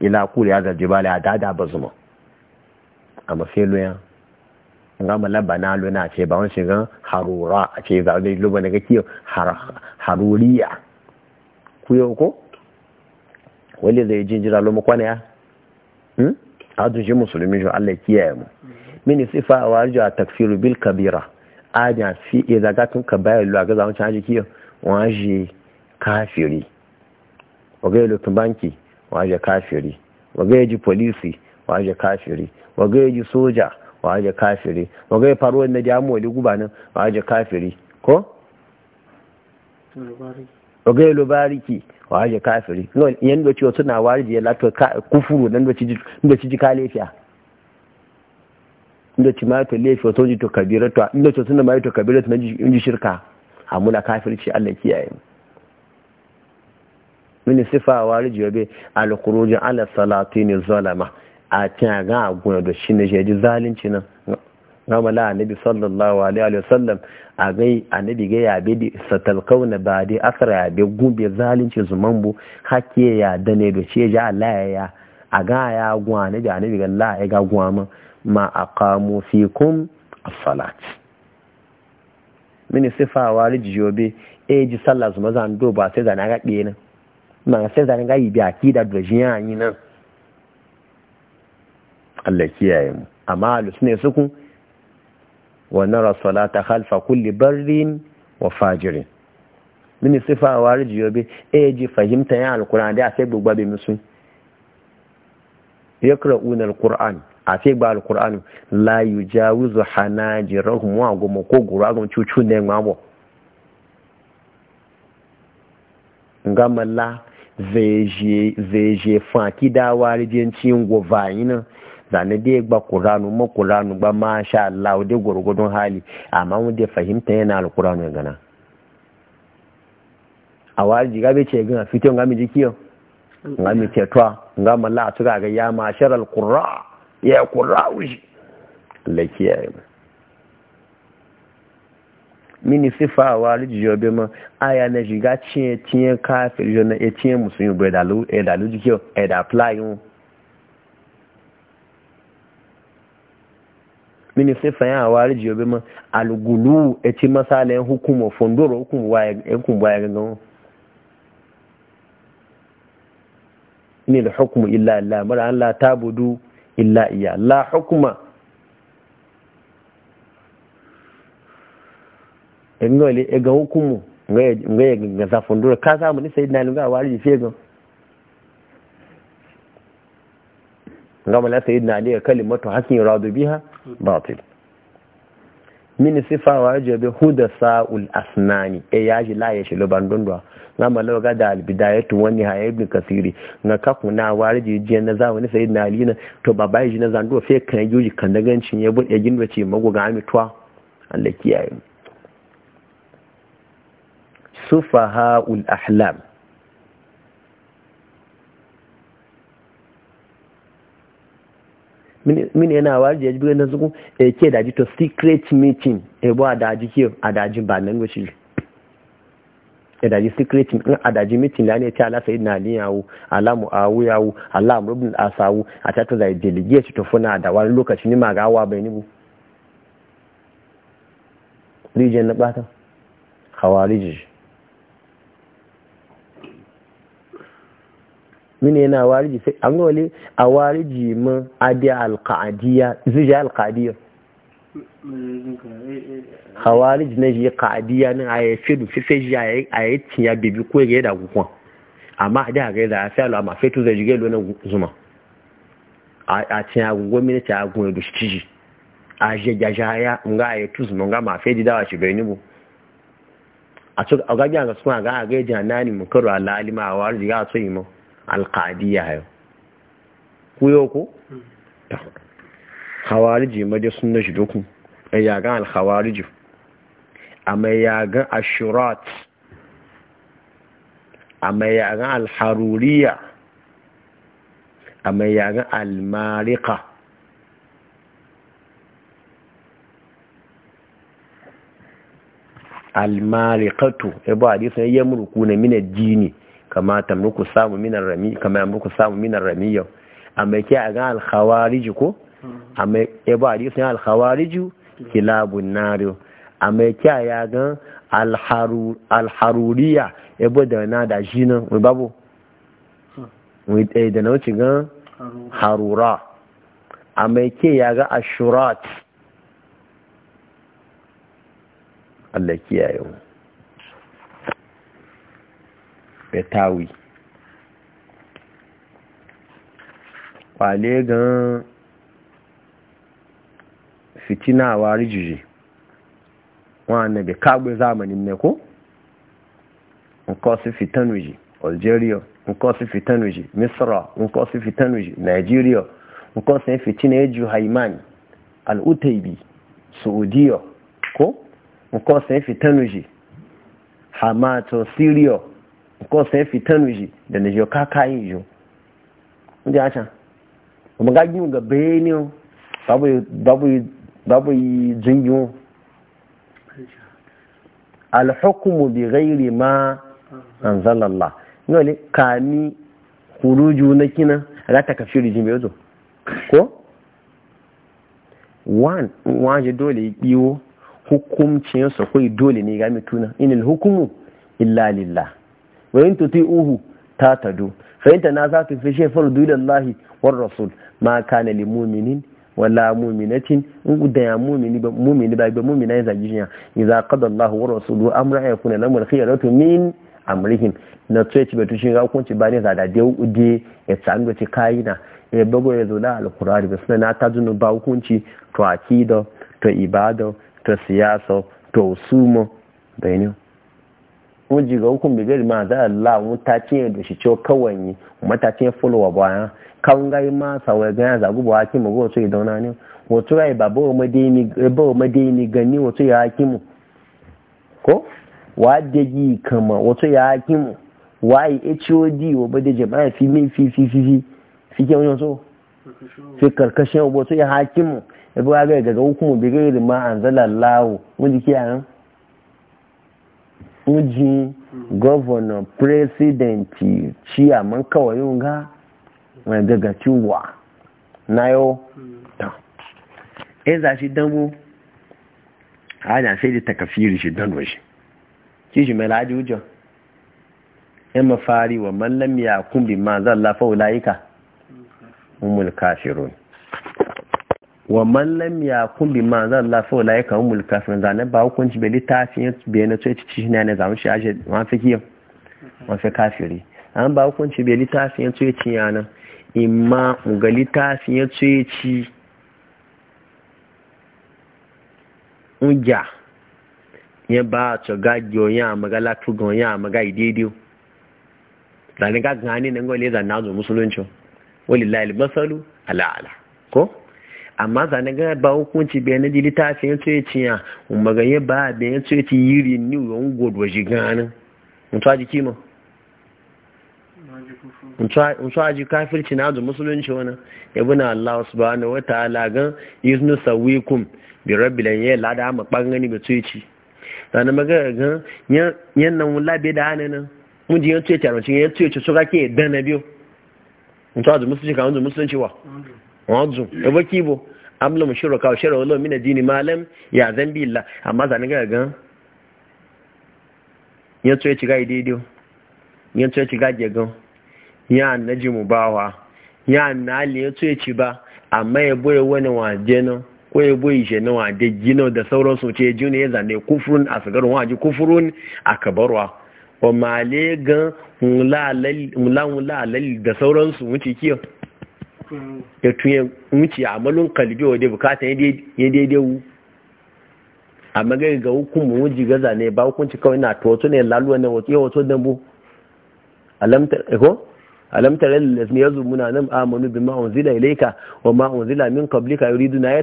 ila kuri ya bala a dada ba zuma a mafi loyan nga mala banalu na ce ba wani shigan harura a ce za da luba na kiyo haruriya ku yau ko wani zai jinjira lomu kwana ya hadu hmm? shi musulmi shi Allah kiyaye mu mini sifa wa a takfiru bil kabira aja fi idza e gatun kabayar lu ga zamu caji kiyo waje kafiri wage lutun banki waje kafiri wage ji polisi waje kafiri wage ji soja wa aje kafiri magai faruwa na jamu wani guba nan wa aje kafiri ko magai lubariki waje wa aje kafiri no yan do ciwo suna da ya lato kufuru nan do ciji do ciji kalefiya ndo ci ma ta lefi to ji to kabiratuwa inda ci to suna mai to kabira na ji shirka amuna kafirci Allah kiyaye mu min sifa warji yobe al-khuruj ala ne zalama a tiya ga aguna da shi ne shi ji zalunci nan gamala annabi sallallahu alaihi wa sallam a gai annabi ga bi di satalkauna ba di ya bi gube zalunci zuman bu hake ya da ne da ce ja Allah ya a ga ya a ne da annabi ga Allah ya ga gwa ma ma aqamu kun as-salat mini sifa wa rijiyobe e ji sallah zuma zan do ba sai zan ga biye nan ma sai zan ga yi bi akida da jiyan yi nan Allah kiyaye mu amma ahlus ne suku wa nara salata khalfa kulli barrin wa fajirin min sifa wa rijiyo e ji fahimta ya alquran da sai gbogbo be musu yaqra'una alquran a sai gba alquran la yujawizu hanajirahum wa gumo ko gura gumo cucu ne ngabo ngamalla veje veje fa kidawa rijencin govaina zane da ya gba kuranu ma kuranu gba ma sha Allah da gwargwadon hali amma wanda de fahimta yana alkuranu ya gana a wari jiga ce gina fito nga mi jikiyo nga mi tetwa nga malla a ga ya ma sharal qurra ya qurra wuji lakiya mini sifa wa rijiyo be ma aya na jiga ce tiye kafir yo na e tiye musun yo be dalu e eh, jikiyo e eh, da apply mini sifa ya awari jiyo bi ma algulu e ci masala yan hukumo fondoro hukumo waya hukumo waya gangan ni da hukumu illa Allah mara an la tabudu illa iya la hukuma ngole e ga hukumu ngaye ngaye ga zafondoro ka samu ni sayyidina lunga awari jiyo gan gama la sayyidina na ya kalimatu hakin radu biha batil min sifa wa yaje bi huda Sa'ul asnani e yaji la ya shilo bandundwa gama ga da albidayatu wani wa nihaya ibn kasiri na ka na warji je na zamani sayyidina ali na to babai ji na zando fe kan yuji kan gancin ya bude gindo ce magoga amitwa Allah kiyaye sufaha ul ahlam min yana wari ya jibirin nan suku e ke daji to secret meeting e bo adaji ke adaji ba nan goshi e daji secret in adaji meeting la ne ta ala sayyid na ni yawo ala mu awu yawo ala mu rubin asawu a ta da e delegate to funa da wani lokaci ni ma gawa bai ni bu region na bata khawarij mini yana wariji sai an wale a wariji mun adiya alqadiya na ji qadiya nan fidu fi sai ji a ayi tiya bibi ko ga amma a amma zuma a tiya gugu mini shi a je nga ayi nga ma fedi da dawa shi bai ni a ga ga ga suna ga ga jana ni mun karo alalima a wariji ga so yi alƙadiyya hayo yau ko ta hawariji ma dai sunna shi dokun ai yagan alhawariji amma yagan ashurat amma yagan alharuriya amma yagan almarika almarikatu ebo hadisin yamruku na min jini. kama muku samu minar rami kama muku samu minar rami yau amma ke a ga alkhawarij ko amma e ba hadis ne alkhawarij kilabun nariyo amma ke ya ga alharu alharuriya e bo da na da jina mu babu mu dai eh, da ci ga harura amma ke ya ga ashurat Allah kiyaye mu betawi kwale gan fitina wa rijiji wannan bai kagbe zamanin ne ko nkan Fitanuji, algeria nkan su fitan wiji misra nkan su fitan nigeria nkan su fitina ya ju haiman al'utaibi saudiya ko nkan su fitan hamato syria ko sai fitan ji da na ka kayi jo inda ya can kuma ga gini ga bayani babu yi jingiyo alhukumu bi gairi ma an zallallah yau ne kami huruju na kina za ta kafi rijin bai zo ko? wan waje dole ya hukumcin sa kai dole ne ga mituna inil hukumu illa lillah wa in ta tadu fa za ta fi shay'in fa rudu lillahi war rasul ma kana lil mu'minin wala mu'minatin in da ya mu'mini ba mu'mini ba ba mu'mina ya zagi jinya idza qada Allah war rasulu amra yakuna lamul khiyaratu min amrihim na ci betu shi ga hukunci ba ne zada da ude ya tsango ci kayina ya bago ya zola alkurari suna na ta zunu ba hukunci to akida to ibada to siyasa to usumo. da wọ́n ji ga hukun bigari ma za Allah wọ́n ta ce da shi cewa kawai ne kuma ta ce wa baya kawun gai ma sawa ganya zagu ba hakim mu wato ya dauna ne wato ya yi ba wa madaini gani wato ya mu ko wa da yi kama wato ya mu wa yi hod wa ba da jama'a fi min fi fi fi fi fi ke wani wato fi karkashin wato ya mu ya bi ga ga hukumu ma an zala lawo wani ke nan uji governor president chairman kawai yau ga mai daga ciwa na yau in hmm. eh, za shi damu ana sai da takafiri shi don shi ki shi mai laji wujo in mafari wa mallam ya kumbi ma zan lafa wula'ika hmm. umul kafirun wa man lam yakun bi ma zan la fa lai kan mul kafin zane ba hukunci bai littafin bai na tsoci ci ne ne zamu shi aje wa fi kiyo wa fi kafiri an ba hukunci bai littafin tsoci ya nan imma ga littafin tsoci unja ya ba to gajo ya magala tugon ya maga idedio zane ga gani nan gole zan nazo musulunci walillahi almasalu ala ala ko amma zane ga ba hukunci bai na jili tafi ya tsoye ciya maganye ba bai ya tsoye ci yiri ni yon gudu shi ganin mutuwa ji kima mutuwa ji kafirci na azu musulunci wani yabi na allah ba wa wata gan yusnu sawikum bi rabbilan lada ama bangani bai tsoye ci zane maga gan yan nan wula bai da hannun mun ji yan ci a rancin yan ci suka ke dana biyu musulunci ka wanzu musulunci wa wanzu da baki bo amla mu shiro kawo shiro wala mina dini malam ya zambi illa amma zan ga gan ya tsoye ci ga daidai ya tsoye ci ga gegan ya naji mu bawa ya na ali ya tsoye ci ba amma ya boye wani waje nan ko ya boye shi na waje gino da sauransu ce jini ya zane kufurun a sagarin waje kufurun a kabarwa wa male gan mula alal da sauransu wuce kiyo ya tuye a amalin kalbi wa dai bukata ya daidai wu amma magai ga hukumu wuji gaza ne ba hukunci kawai na to ne laluwa ne wato ya wato dambu alamtar eko alamtar lalazmi ya zumuna nan amanu bi ma'unzila ilaika wa ma'unzila min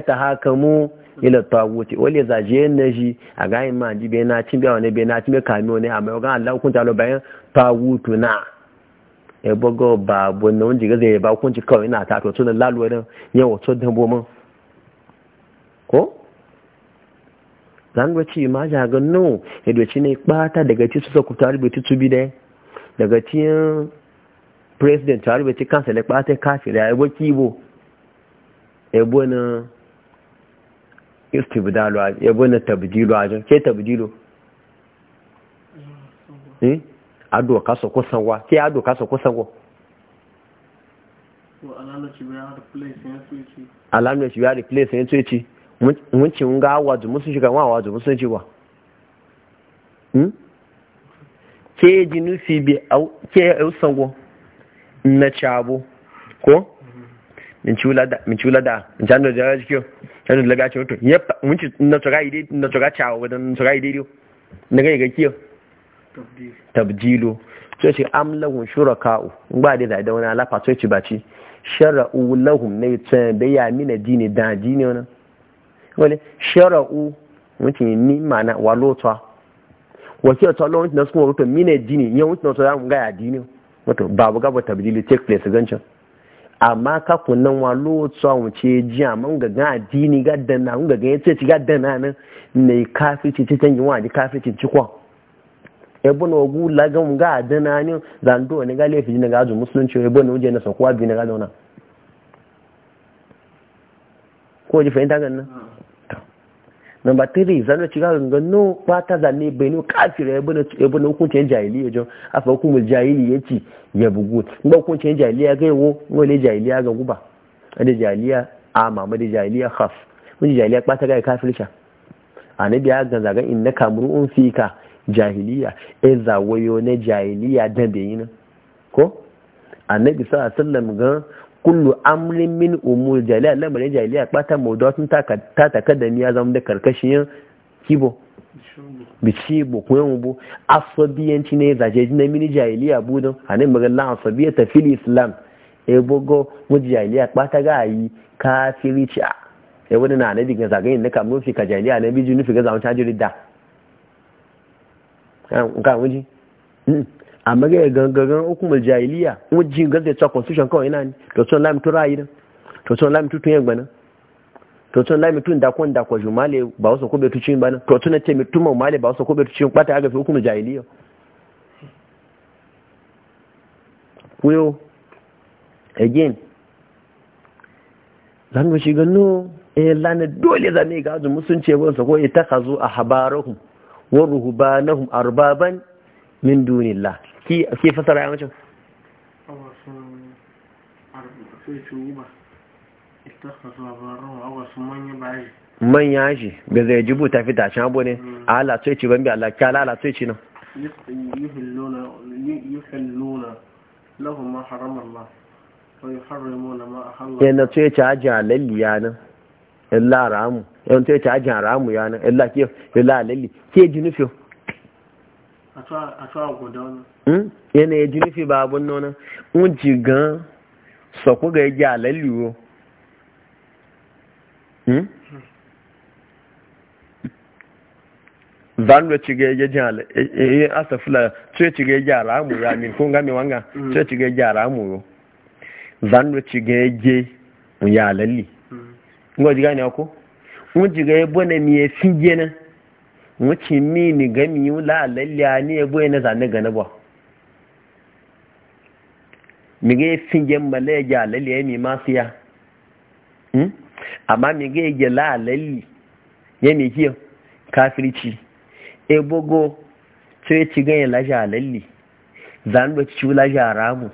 ta haka mu ila tawuti wale zaje na shi a gayin ma ji bai na cin bai wani bai na cin bai kami wani amma yau gan Allah hukunta lo bayan tawutu na ya bago ba bunna wanda ga zai ba kunci kawai na ta to tunan laluwa dan yan wato dan boman ko zan ci ma ja ga no ya doci ne bata daga ci su saku talibi tu bi da daga ci president talibi ci kansa ne bata kafira ya bo kibo ya bo na istibdalu ya bo na tabdilu ajin ke tabdilu eh ado kaso wa ke ado kaso kusawa alamu ya ci ya replace yin tsoci mun ci nga awa jumu sun shiga wa jumu sun ci wa ke ji nufi bi ke yau sango na cabo ko min ci wula da in ci jano da yaji kiyo jano da lagaci wato yep mun ci na tsoga ide na tsoga cawo wadan tsoga ide dio na ga ga kiyo tabdilo sai ce am lahum shuraka'u ba da da wani alafa sai ce baci shara'u lahum ne tsan da ya mina dini da dini wani wale shara'u mutum ni mana walota wakil ta lawon na suka wato mina dini yan wuce na mu ga ya dini wato babu gaba tabdili take place gancin amma ka kunnan walota mu ce ji amma ga ga dini a na ga ga yace ci gaddan na nan ne kafici ci tangi wa di kafici ci kwa ebo na ogu lagan ga adana ni zando ne ga lefi ne ga azu musulunci ebo na uje na so kwa bi ne ga na ko ji fahimta ganna namba 3 zan ci ga ganno kwata be benu kafira ebo na ebo na hukuncin jahiliya jo afa hukumul jahiliya ci ya bugu ba hukuncin jahiliya ga ngo wale jahiliya ga guba da jahiliya a mama da jahiliya khaf mun jahiliya kwata ga kafirca annabi ya ganza ga innaka mur'un fika jahiliya e zawayo na jahiliya da bai nan ko annabi sallallahu alaihi wasallam ga kullu amrin min umur jahiliya lamarin jahiliya bata mawdatun ta ta ni ya zama da karkashin kibo bishibo ko yan bu asabiyanci ne zaje na mini jahiliya budan annabi magalla ta fil islam e bogo mu jahiliya bata ga yi kafirici e wani na annabi ga zagayin na kamun fi ka jahiliya annabi jinu fi ga zaman ta da. nka wuji amma ga gangan hukumar jahiliya wujin gaza cewa constitution kawai yana ne to son lami tun ra'ayi nan to son lami tutun yagba nan to son lami tun da kwan jumale ba wasu kobe tucin ba nan to tun ce mutum male ba wasu kobe tucin kwata aga fi hukumar jahiliya kuyo again zan ga shi gano eh lana dole zame ga azu musun ce wansa ko ita kazu a habarahum wa ruhbanahum arbaban min dunillah ki ke fasara ya mace manya shi zai jibu ta fita can abu ne a hmm. halatsoyi ci ban bi ci nan yuhilluna lahum ma harama Allah wa nan illa ramu yawan ta yace ajin ya nan illa ke illa lalli ke ji nufi a tsawa guda wani hmm? yana ya ji nufi ba abun nuna un ji gan sako ga yage alalli wo hmm? zan da ci ga yage jin ga ya min wanga ga hmm. ci ga ngo ji gane ko mun ji ga yabo na miye fige na wuce mi ni ga mi la lalya ni yabo na zane ga na ba hmm? e mi ga fige male ga lalya mi masiya hmm amma mi ga ga la lalli ya mi kiyo kafirci ebogo sai ci ganyen laja lalli zan ba ci laja ramu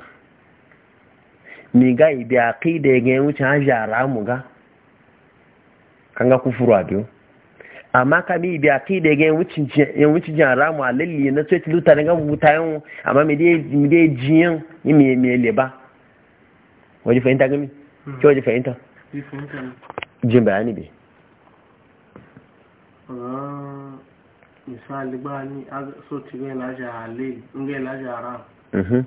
mi ga ibi aqida ga wuce ha jara mu ga kan ga kufuru biyu. amma ka bi biya kai da ga yan wucin jin ramu a lalle na tsoci lutar ga buta yan amma mai dai jiyan ni mai mai leba waje fahimta gami ke hmm. waje fahimta jin bayani bai misali ah, ba ni a so ti bai laji halil in bai laji haram mhm.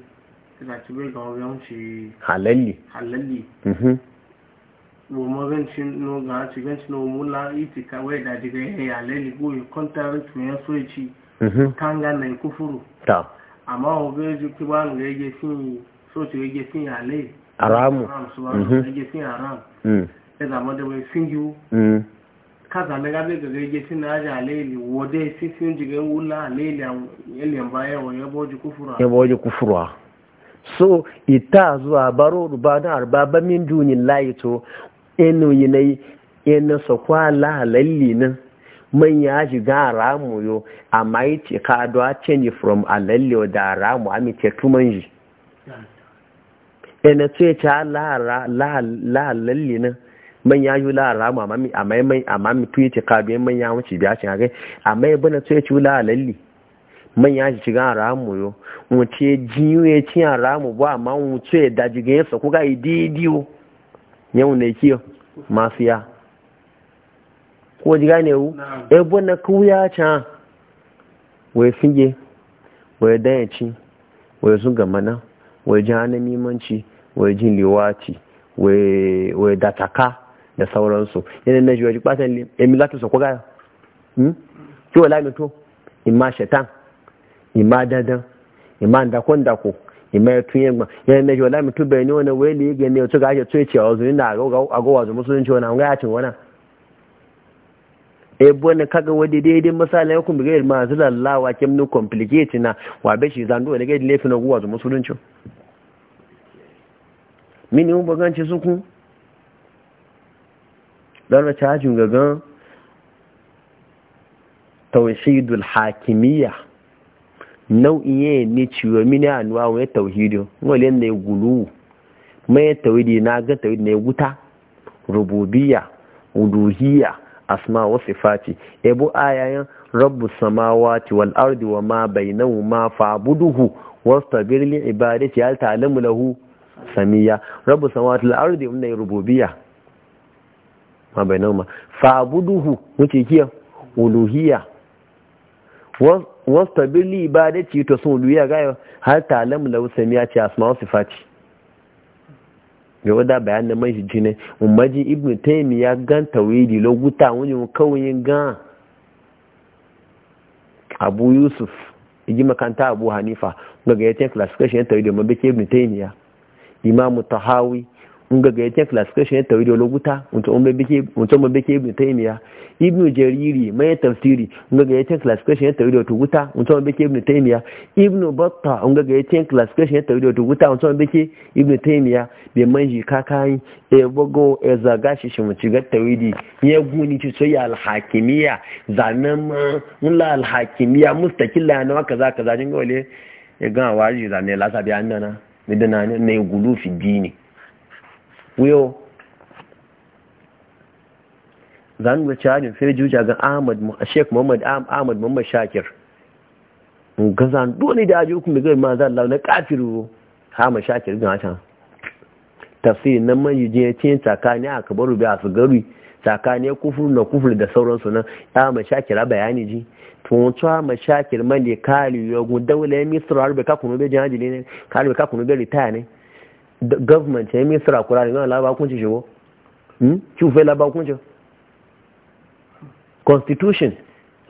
ta ci bai ga wuyanci halalli halalli mhm. romancin no ga cigancin no mula itika wai da diga ya lele go ya kontare to ya soci kanga mhm. na kufuru ta amma o ga ji ki ba ga yake fin soci yake fin ya lele aramu yake fin aram ya zama da wai fin yu kaza na gabe ga yake fin na ja lele wode fi fin jiga wula lele lele baya wa ya boji kufura ya boji kufura so ita zuwa baro rubana arba ba min layi to eno yi na eno so kwa la lalli nan man ya shiga ramu yo amma yi ce ka do a change from lalli da ramu a ce tuman ji ina ce ta la la la lalli nan man ya yi la ramu a mi amma mai amma mi tuye ce ka biyan man ya wuce biya cin akai amma ya bana ce ci la lalli man ya shiga ramu yo mu ce ci cin ramu ba amma mu ce da jigen sa kuka yi diwo yau ne ki masu ya ko ji gane wu ebo eh, na kuya can wai finge wai dayaci wai sun mana, wai ji hannun mimanci wai jin liwaci wai dataka da sauransu yana na jiwaji kwatan emilatu eh, sa kwagaya hmm? ki wala lamito imma shetan imma dadan imma ndakon dako ima tun yin yana na jola mutu bai ne wani wani yi gani wata ga ake tsoye ce a wazo yana agowa zu musulunci wani an gayacin wani e bone kaga wadi daidai misali ya kuma gairi masu lawa kim ni complicate na wa be shi zandu wani gaidi laifin agowa zu musulunci mini mun baganci suku don cajin gagan tawhidul hakimiyya nau'iye ne ciwo mini anuwa wani wani wale na gulu mai tauhidi na ga tauhidi na wuta rububiya uduhiya asma wa sifati ebu ayayin rabu samawati wal ardi wa ma ma fa'buduhu tabirin li ibadati hal ta'lamu lahu samiya rabbu samawati wal ardi umma rububiya ma ma fa'buduhu wuce kiya uluhiyya wasu. wasta birni ba da ci to sun luya gaya har talam da wasu ya ce asma wasu faci ga wadda bayan da manshi jini umarji ibn taimi ya gan tawili lokuta wani kawai gan abu yusuf iji makanta abu hanifa ga ga ya ce classification ya tawili ma bake ibn taimi ya imamu tahawi nga ga yake classification ya tawhid lokuta mutum mun bike mutum mun bike ibn taymiya ibn jariri mai tafsiri nga ga yake classification ya tawhid lokuta mutum mun bike ibn taymiya ibn batta nga ga yake classification ya tawhid lokuta mutum mun bike ibn taymiya be manji kakai e bogo e zaga shi shi mutum ga tawhid ya guni ci sai al hakimiyya zanan mun la al hakimiyya mustaqilla na kaza kaza jin gole ya ga waji zanne lasabi annana midana ne gulu fi dini wiyo zan ga cajin sai juja ga ahmad sheik muhammad ahmad muhammad shakir ga zan dole da aji hukumi ga ma zan na kafiru hama shakir ga hatan tafsirin nan man yi jiya cin tsakani a kabaru bi a sigari tsakani kufur na kufur da sauransu nan ya ma a bayani ji tun tsawa ma shakir man da kari yogun daular misra harbe kakunu bai jihajili ne kari kakunu bai ritaya ne government ya eh, mi sira kura ngan la ba kunci shigo hmm ki fe la ba kunci constitution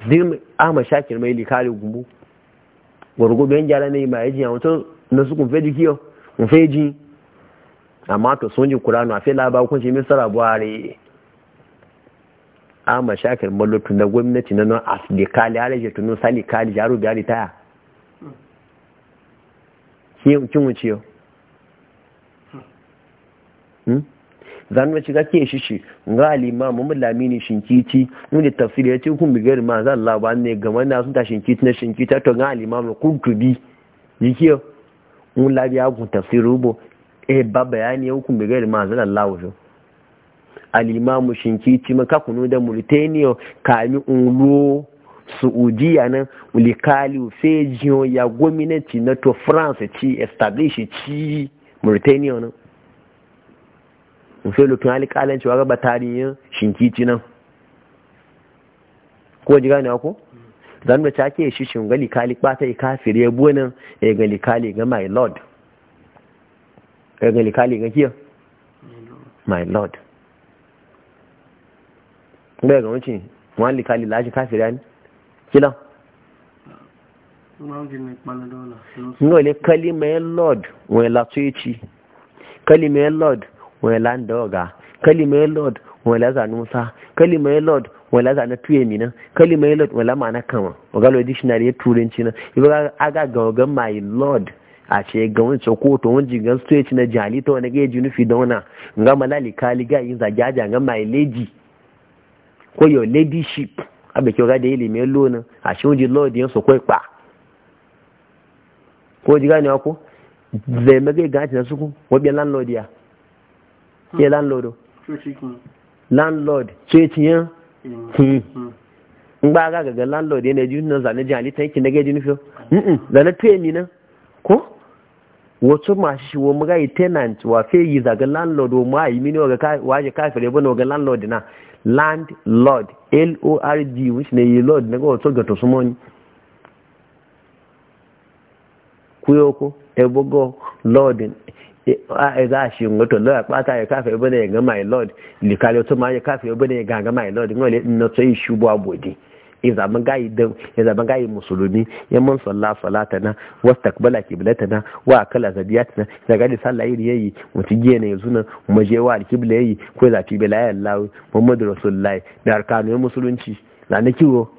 zim ama shakir mai likali gumbu gurgu ben jara ne ma yaji awon to na su kun fe dikiyo kun fe ji amma to sun ji kuranu a fe la ba kunci mi sira buhari ama shakir malotu na gwamnati na nan asidikali, har ala je salikali, sali kali jaru bi taya kin kin wuciyo Hmm? zan wace kake shi shi ngali ma mu lamini shinkiti mun da tafsiri yace kun bi gari ma zan laba ne game da sun ta shinkiti na shinkita to ngali ma mu kun tubi yike mun labi ya kun tafsiri bo eh ba bayani ya kun bi gari ma zan Allah wa al mu shinkiti ma ka kunu da Mauritania kami unlo Saudiya nan ulikali fejiyo ya gominati na to France ci establish ci Mauritania nan fe hali alƙalan cewa gaba tarihin shinkici nan ko ji gane ko zan da take shi shin gali kali bata kafir ya nan ya gali kali ga my lord ya gali kali ga kiyar my lord bai ga wancin wani kali lashi kafir ya ne kila ngo le kalima ya lord wani latoyi kalima lord wani lan da waga kalimai lord wani laza nusa kalimai lord wani laza na tuye mina kalimai lord wani lama na kama wagalo dictionary ya e turanci na ibi aga gawagan my lord a ce ga wani soko to wani jigan stoyage na jali ta wani e gaji e nufi da wana nga malali kali ga yin zagaja nga my lady ko your ladyship abe kyau ga da ilimin lona a shi wani lord yin soko pa ko ji gane ko zai magai gaji na suku wabi landlord ya ke hmm. landlord landlord ce ciyan in aga gaga landlord yana ji nan hmm. zane jihali ta yankin daga jini fiyo zane tuye mi nan ko wasu masu shi wa muga yi tenant wa fe yi zaga landlord wa ma yi mini waje kafire bane waga landlord na landlord l-o-r-d ne yi lord na ga wasu ga to kuyoko e ebogo za a shi wato lawyer bata ya kafa ya bane ga my lord likali to ma ya kafa ya bane ga ga my lord ngo le na tsayi shubu abodi in zaman gayi da ya zaman gayi musulmi ya mun salla salatana wa takbala qiblatana wa kala zabiyatana da gadi da iri yayi mutu giye na yanzu na, mu je wa alqibla yayi ko za ci bila ya Allah Muhammadu Rasulullahi da arkanu musulunci na ne kiwo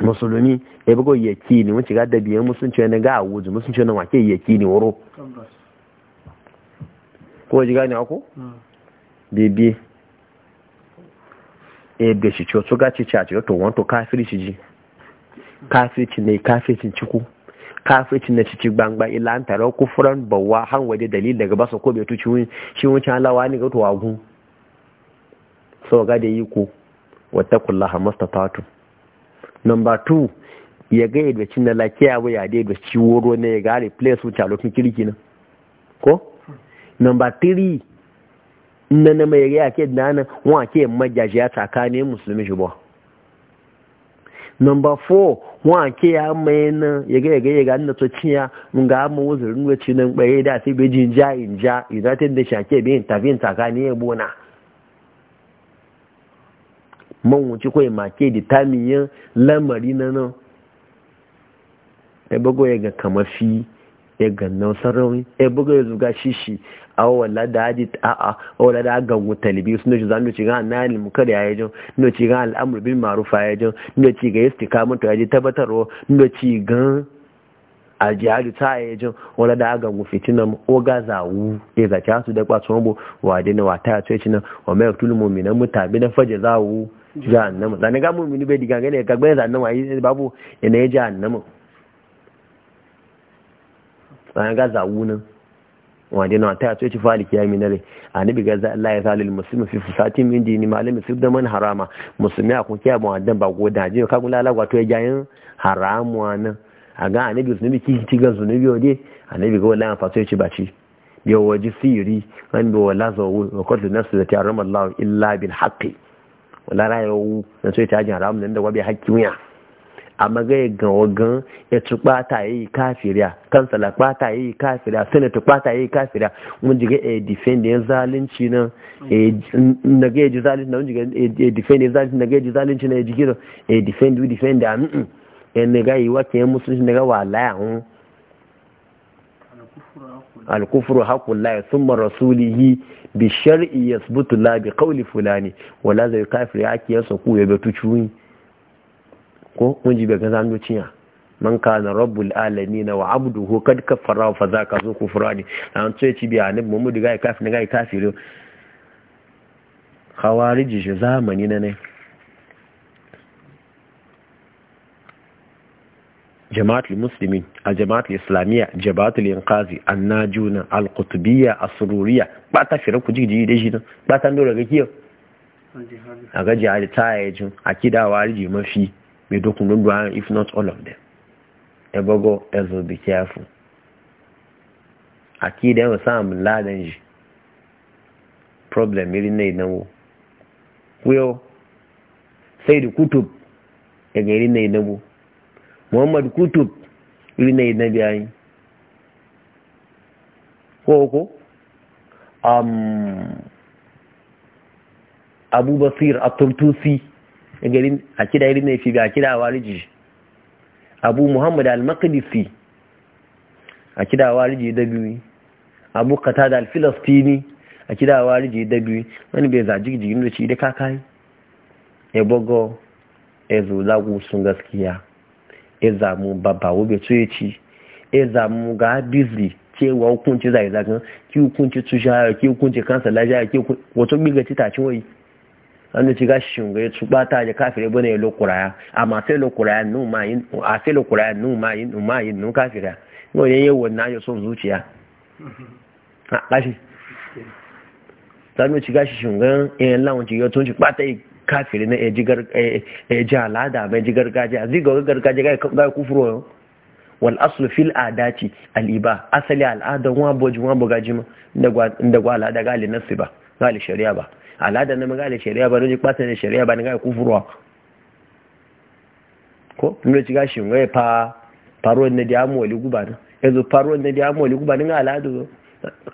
musulmi ya bugo yakini mun ci ga da biyan musulunci ne ga awuzu musulunci ne wake yakini woro ko ji gane ako hmm. bebe ebe eh, shi ciwo tsuga ci caci wato wanto kafirci ji kafirci ne kafircin ciku kafirci na cici gbangba ila an tare kufuran bawa han waje dalil daga basa ko bai tuci shi wucin alawa ne ga to wagu sau ga da yi ku wata kulla hamasta tatu number two ya ga yadda cin na lafiya bai ya da ciwo ne ya gare place wuce a lokacin kirki na ko Namba tiri, na na mai riya ke da nan wọn ke majajiya tsakanin musulmi shi ba. Namba four, wọn ke ya mai na ya ga ya ga ya ciya na mun ga mu wuzurin wuce nan baye da sai bai jin ja in ja united da shake in tafi tsakanin ya bona. Man wuce kawai ke da tamiyan lamari na nan. Ya bago ya ga fi. ya gannan sarrauni ya buga ya zuga shishi a wala da haji a'a a wala da gangu talibi sun dace zanu ci ga annal mukar ya yajin no ci ga al'amr bil ma'ruf ya yajin no ci ga istiqamatu ya ji tabbatarwa no ci ga a jihadu ta ya yajin wala da gangu fitinan oga zawu ya ga ta su da kwatsun bo wa dina wa ta ce ci nan wa mai tul mu'minan mutabi na faje zawu jahannama zanaga mu'mini bai diga ga ne ga gbe zanawa yi babu ina jahannama bayan ga zawunan wanda na ta ce ci faliki ya minare annabi ga za Allah ya zalil muslimu fi fusatin min dini malami su da man harama musulmi a kun kiyaye wannan ba goda je ka kula lagwa to ya jayin haramu nan a ga annabi zunubi ki ci ga zunubi ode annabi ga wallahi fa sai ci baci yau waji siri an bi wala zawu wa kullu nafsi da ta Allah illa bil haqqi wala rayu na sai ta jin haramu nan da wabi haqqi wuya amma ga ga wagan ya ci kwata yayi kafiriya kansala kwata yayi kafiriya senator kwata yayi kafiriya mun jiga a defend ya zalunci na na ga ji zalunci mun jiga a defend ya zalunci na ga yaji zalunci na jiga a defend we defend da ya na ga yi wace yan musulunci na ga walaya hun الكفر حق الله ثم رسوله بالشرع fulani wala zai kafiriya ake yasa ku ya يسقو يبتو ko mun ji bai zanu ya. man kana rabbul alamin wa Abudu ko kad kafara fa zaka ne. Na an ce ci biya ne mu diga ya kafin ga kafiro khawariji shi zamani na ne jama'atul muslimin a jama'atul islamiyya jama'atul inqazi annajuna alqutbiyya asruriyya ba ta fira ku jiji da shi ba ta dole ga kiyo a ga jihar ta a akida wariji mafi may if not all of them ebogo ezo be careful akida yawon samun ladan shi problem irin na idanwo kuyo sai da kutub irin na idanwo muhammad kutub irin na idan biyayi ko ko um, garin akida irin ne fi ga akida wariji abu muhammad al-maqdisi akida wariji da biyu abu qatada al-filastini akida wariji da biyu wani bai zaji jigin da shi da kakai ya bogo zo lagu sun gaskiya ya zamu babba wobe ci ya zamu ga busy cewa hukunci zai zagan ki hukunci tushaya ki hukunci kansa lajaya ki wato biga titacin wai wanda ci gashi shunga ya tsuba ta ya kafire bane lo kuraya amma sai lo kuraya nu ma yin a sai lo kuraya nu ma yin nu ma yin nu kafira no ne yau wannan ya son zuciya a gashi sanu ci gashi shunga eh lawon ci yo tun ci pata kafire na eh jigar eh jalada bai jigar gaje azigo gargaje ga kufuro wal aslu fil adati al asali al'ada nwa wa boji wa bogajima al'ada ga al nasiba ga al ba alada na magana shari'a ba don kwata ne shari'a ba ni ga kufurwa ko mun ci gashi ngai fa faro ne da amu wali guba na yanzu faro ne da amu wali guba ni ga alada zo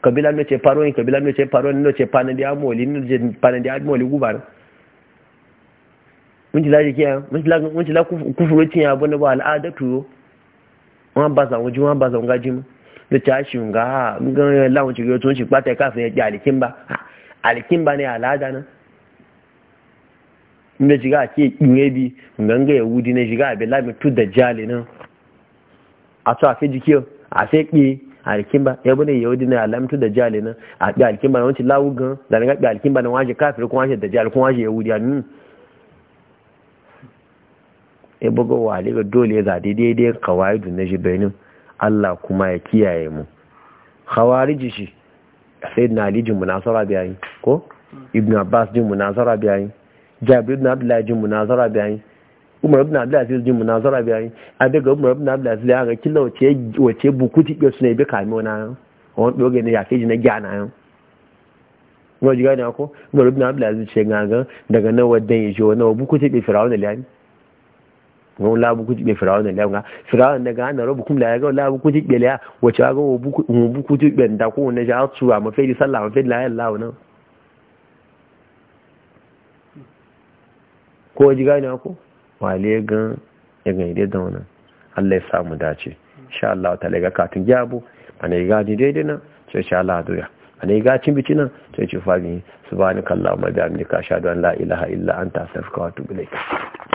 kabila ne ce faro ne kabila ne ce faro ne ce pana da amu wali ne ce pana da amu wali guba na mun ji laji kiya? mun ji laji mun ji laji kufuru tin ya bane ba al'ada tuyo wọn ba sa wọn ji wọn ba sa wọn ga ji mu da ta shi nga ha ngan lawon ci yo tun shi pata kafin ya jali kin ba ha alikin ba ne alada nan inda shiga a ke kinye bi ganga yahudi na shiga a belami tu da jali nan a to a fi jiki a sai ki alikin ba ya bane yahudi na alami tu da jali nan a bi alikin ba na wancin lawugan da na gaɓi alikin ba na waje kafir kuma waje da jali kuma waje yahudi a nun ya e buga wa aliga dole ya zaɗi daidai kawai dun na shi benin allah kuma ya kiyaye mu khawariji shi sayyidina ali jin munazara biyayi ko hmm. ibn abbas jin munazara biyayi jabir ibn abdullahi jin munazara biyayi umar ibn abdulaziz jin munazara biyayi a daga umar ibn abdulaziz ya ga killa wace wace bukuti ke suna bi kame na nan wani doge ne ya kai ji na gyana nan wani jiga ne ko umar ibn abdulaziz ce daga nan wadda ya ji wani bukuti ke firawun da liyani wani labu kuji be firawon da nga firawon da ga na rabu kum la ga labu kuji be la wace ga wani bu kuji be da ko ne ja su a mafi di sallah mafi la Allah wannan ko ji gani ko wale gan ya gani ide da wani Allah ya samu dace insha Allah ta ga katun jabo ana ga ni daidai na sai insha Allah doya ana ga cin bici nan sai ce fami subhanakallahumma bihamdika ashhadu an la ilaha illa anta astaghfiruka wa atubu ilaik